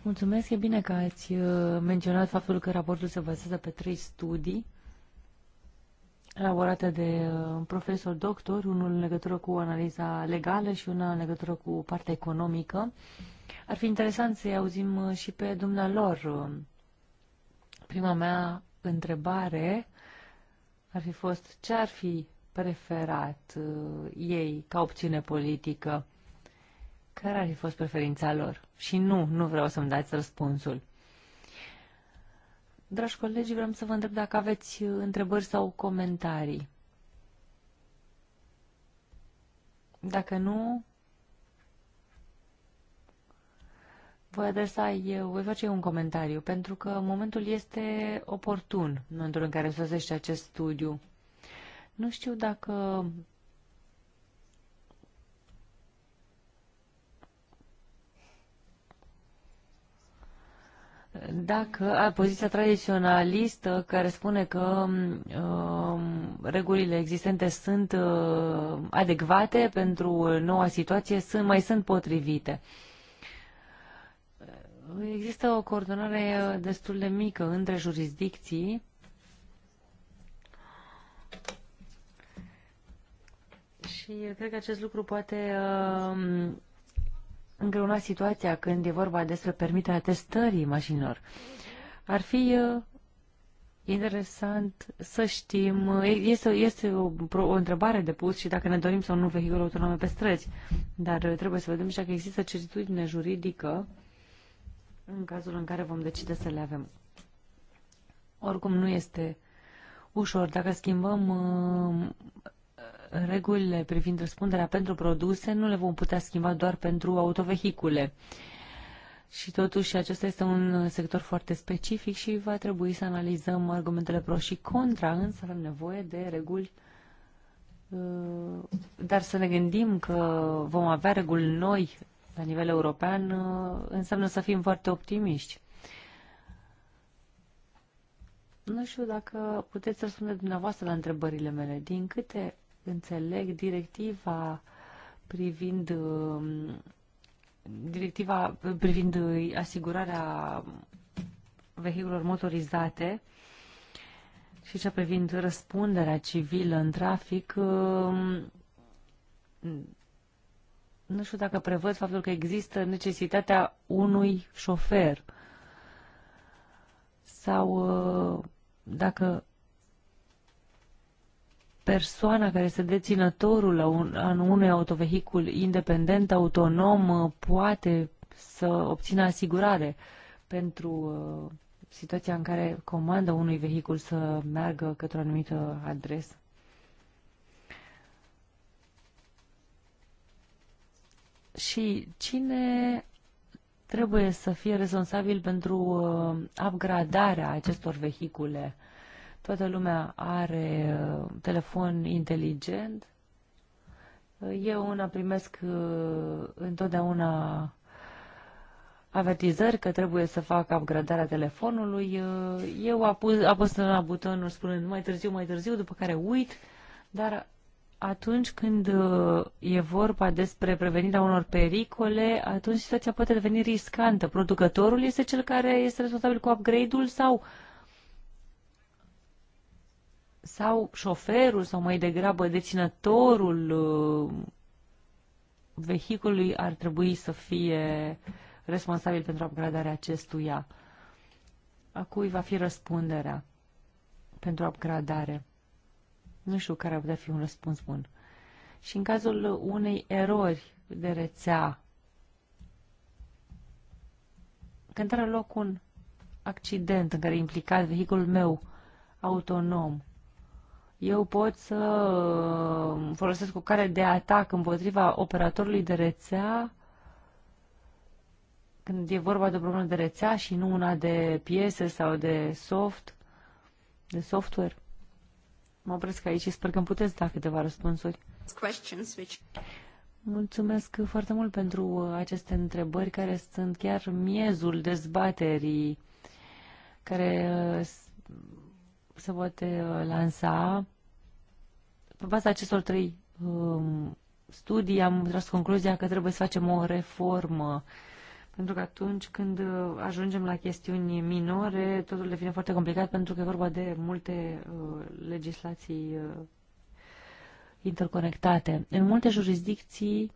Mulțumesc, e bine că ați uh, menționat faptul că raportul se bazează pe trei studii elaborate de uh, profesor doctor, unul în legătură cu analiza legală și una în legătură cu partea economică. Ar fi interesant să-i auzim uh, și pe dumnealor. Prima mea întrebare ar fi fost ce ar fi preferat uh, ei ca opțiune politică? Care ar fi fost preferința lor? Și nu, nu vreau să-mi dați răspunsul. Dragi colegi, vreau să vă întreb dacă aveți uh, întrebări sau comentarii. Dacă nu, voi adresa eu, voi face un comentariu, pentru că momentul este oportun, în momentul în care se acest studiu. Nu știu dacă dacă poziția tradiționalistă care spune că uh, regulile existente sunt uh, adecvate pentru noua situație, sunt, mai sunt potrivite. Există o coordonare uh, destul de mică între jurisdicții și cred că acest lucru poate uh, îngreuna situația când e vorba despre permiterea testării mașinilor. Ar fi uh, interesant să știm, uh, este, este o, o întrebare de pus și dacă ne dorim sau nu vehicule autonome pe străzi, dar uh, trebuie să vedem și dacă există certitudine juridică în cazul în care vom decide să le avem. Oricum nu este ușor. Dacă schimbăm regulile privind răspunderea pentru produse nu le vom putea schimba doar pentru autovehicule. Și totuși acesta este un sector foarte specific și va trebui să analizăm argumentele pro și contra, însă avem nevoie de reguli uh, dar să ne gândim că vom avea reguli noi la nivel european uh, înseamnă să fim foarte optimiști. Nu știu dacă puteți răspunde dumneavoastră la întrebările mele. Din câte înțeleg directiva privind um, directiva privind asigurarea vehiculor motorizate și cea privind răspunderea civilă în trafic, um, nu știu dacă prevăd faptul că există necesitatea unui șofer sau uh, dacă persoana care este deținătorul în unui autovehicul independent, autonom, uh, poate să obțină asigurare pentru uh, situația în care comandă unui vehicul să meargă către o anumită adresă. Și cine trebuie să fie responsabil pentru uh, upgradarea acestor vehicule? toată lumea are uh, telefon inteligent. Uh, eu una primesc uh, întotdeauna avertizări că trebuie să fac upgradarea telefonului. Eu apus, apus la butonul spunând mai târziu, mai târziu, după care uit, dar atunci când e vorba despre prevenirea unor pericole, atunci situația poate deveni riscantă. Producătorul este cel care este responsabil cu upgrade-ul sau sau șoferul sau mai degrabă deținătorul uh, vehiculului ar trebui să fie responsabil pentru upgradarea acestuia. A cui va fi răspunderea pentru upgradare? Nu știu care ar putea fi un răspuns bun. Și în cazul unei erori de rețea, când are loc un accident în care e implicat vehiculul meu autonom, eu pot să uh, folosesc o cale de atac împotriva operatorului de rețea când e vorba de o problemă de rețea și nu una de piese sau de soft, de software. Mă opresc aici și sper că îmi puteți da câteva răspunsuri. Mulțumesc foarte mult pentru uh, aceste întrebări care sunt chiar miezul dezbaterii care uh, se poate lansa pe baza acestor trei um, studii am tras concluzia că trebuie să facem o reformă pentru că atunci când ajungem la chestiuni minore, totul devine foarte complicat pentru că e vorba de multe uh, legislații uh, interconectate. În multe jurisdicții,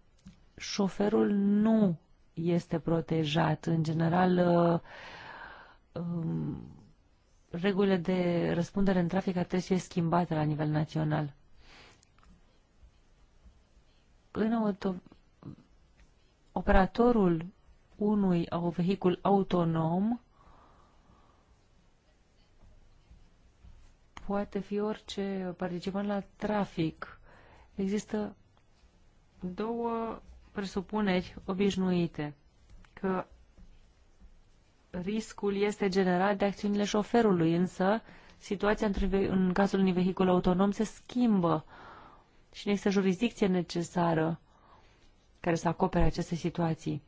șoferul nu este protejat. În general, uh, um, regulile de răspundere în trafic ar trebui să fie schimbate la nivel național în auto, operatorul unui vehicul autonom poate fi orice participant la trafic. Există două presupuneri obișnuite, că riscul este generat de acțiunile șoferului, însă situația în cazul unui vehicul autonom se schimbă. Uh, și nu există jurisdicție necesară care să acopere aceste situații.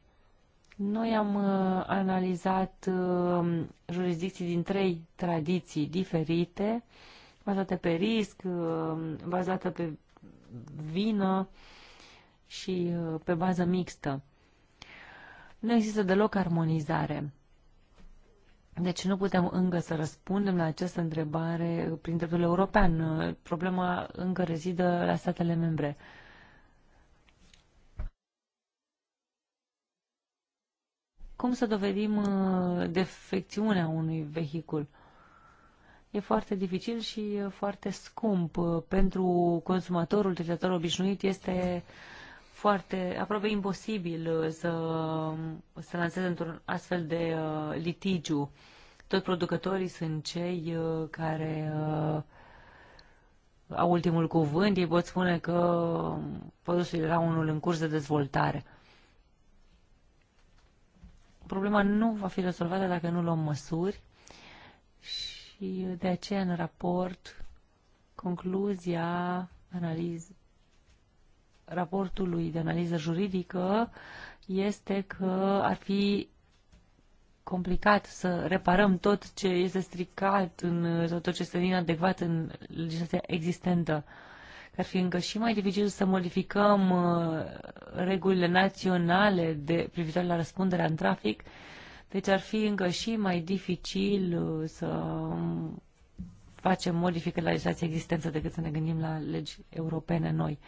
Noi am uh, analizat uh, jurisdicții din trei tradiții diferite, bazate pe risc, uh, bazate pe vină și uh, pe bază mixtă. Nu există deloc armonizare. Deci nu putem încă să răspundem la această întrebare prin dreptul european. Problema încă rezidă la statele membre. Cum să dovedim uh, defecțiunea unui vehicul? E foarte dificil și uh, foarte scump. Uh, pentru consumatorul, utilizatorul obișnuit, este uh, foarte aproape imposibil uh, să, să lanseze într-un astfel de uh, litigiu. Tot producătorii sunt cei uh, care uh, au ultimul cuvânt, ei pot spune că produsul era unul în curs de dezvoltare. Problema nu va fi rezolvată dacă nu luăm măsuri și de aceea în raport concluzia analiz, raportului de analiză juridică este că ar fi complicat să reparăm tot ce este stricat, în, tot ce este inadecvat în legislația existentă. Că ar fi încă și mai dificil să modificăm uh, regulile naționale de privitoare la răspunderea în trafic, deci ar fi încă și mai dificil uh, să facem modificări la legislația existență decât să ne gândim la legi europene noi.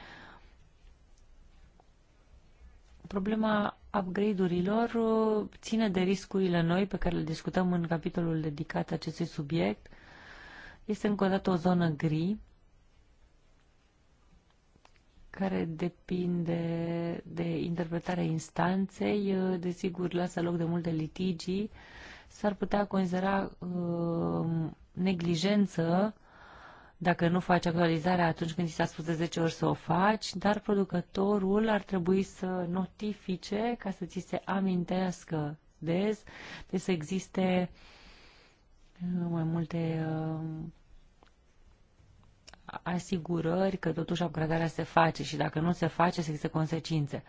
Problema upgrade-urilor uh, ține de riscurile noi pe care le discutăm în capitolul dedicat acestui subiect. Este încă o dată o zonă gri care depinde de interpretarea instanței, uh, desigur lasă loc de multe litigii, s-ar putea considera uh, neglijență dacă nu faci actualizarea atunci când ți s-a spus de 10 ori să o faci, dar producătorul ar trebui să notifice ca să ți se amintească des, de să existe uh, mai multe uh, asigurări că totuși upgradarea se face și dacă nu se face, să există consecințe.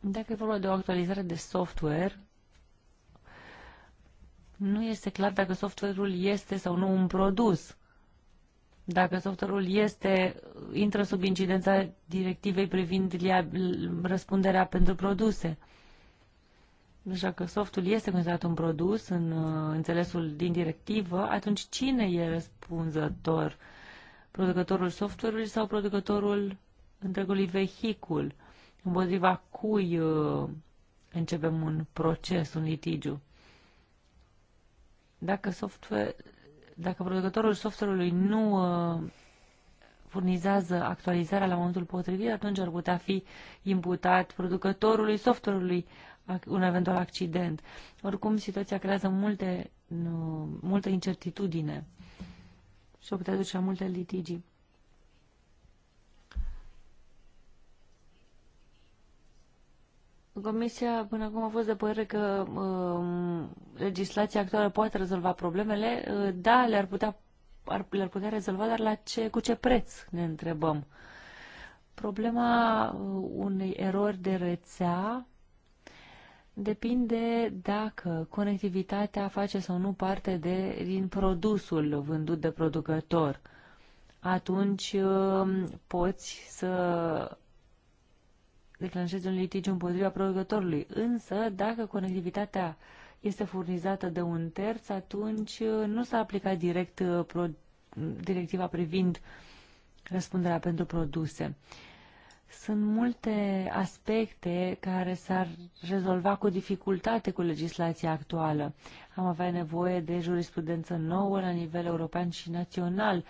Dacă e vorba de o actualizare de software, nu este clar dacă software-ul este sau nu un produs. Dacă software-ul este, intră sub incidența directivei privind răspunderea pentru produse. Deci dacă softul este considerat un produs în uh, înțelesul din directivă, atunci cine e răspunzător? Producătorul software-ului sau producătorul întregului vehicul? Împotriva cui uh, începem un proces, un litigiu? Dacă, software, dacă producătorul software-ului nu uh, furnizează actualizarea la momentul potrivit, atunci ar putea fi imputat producătorului software-ului un eventual accident. Oricum, situația creează multe, nu, uh, multă incertitudine și o putea duce la multe litigii. Comisia până acum a fost de părere că uh, legislația actuală poate rezolva problemele. Uh, da, le-ar putea, ar, le-ar putea rezolva, dar la ce, cu ce preț ne întrebăm? Problema uh, unei erori de rețea depinde dacă conectivitatea face sau nu parte de, din produsul vândut de producător. Atunci uh, poți să declanșeze un litigiu împotriva producătorului. Însă, dacă conectivitatea este furnizată de un terț, atunci uh, nu s-a aplicat direct uh, pro, directiva privind răspunderea pentru produse. Sunt multe aspecte care s-ar rezolva cu dificultate cu legislația actuală. Am avea nevoie de jurisprudență nouă la nivel european și național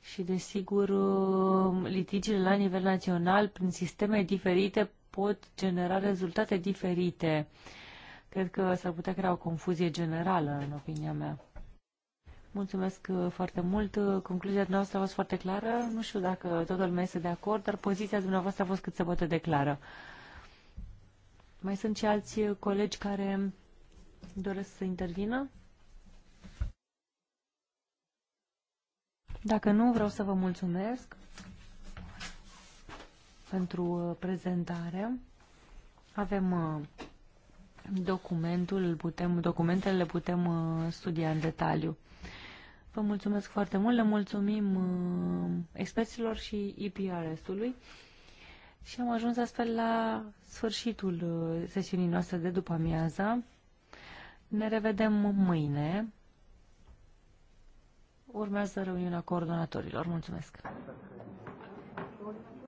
și, desigur, um, litigiile la nivel național, prin sisteme diferite, pot genera rezultate diferite. Cred că s-ar putea crea o confuzie generală, în opinia mea. Mulțumesc uh, foarte mult. Uh, concluzia dumneavoastră a fost foarte clară. Nu știu dacă totul lumea este de acord, dar poziția dumneavoastră a fost cât se poate de clară. Mai sunt și alți uh, colegi care doresc să intervină? Dacă nu, vreau să vă mulțumesc pentru uh, prezentare. Avem uh, documentul, putem, documentele le putem uh, studia în detaliu. Vă mulțumesc foarte mult, le mulțumim experților și IPRS-ului și am ajuns astfel la sfârșitul sesiunii noastre de după amiază Ne revedem mâine Urmează reuniunea coordonatorilor. Mulțumesc!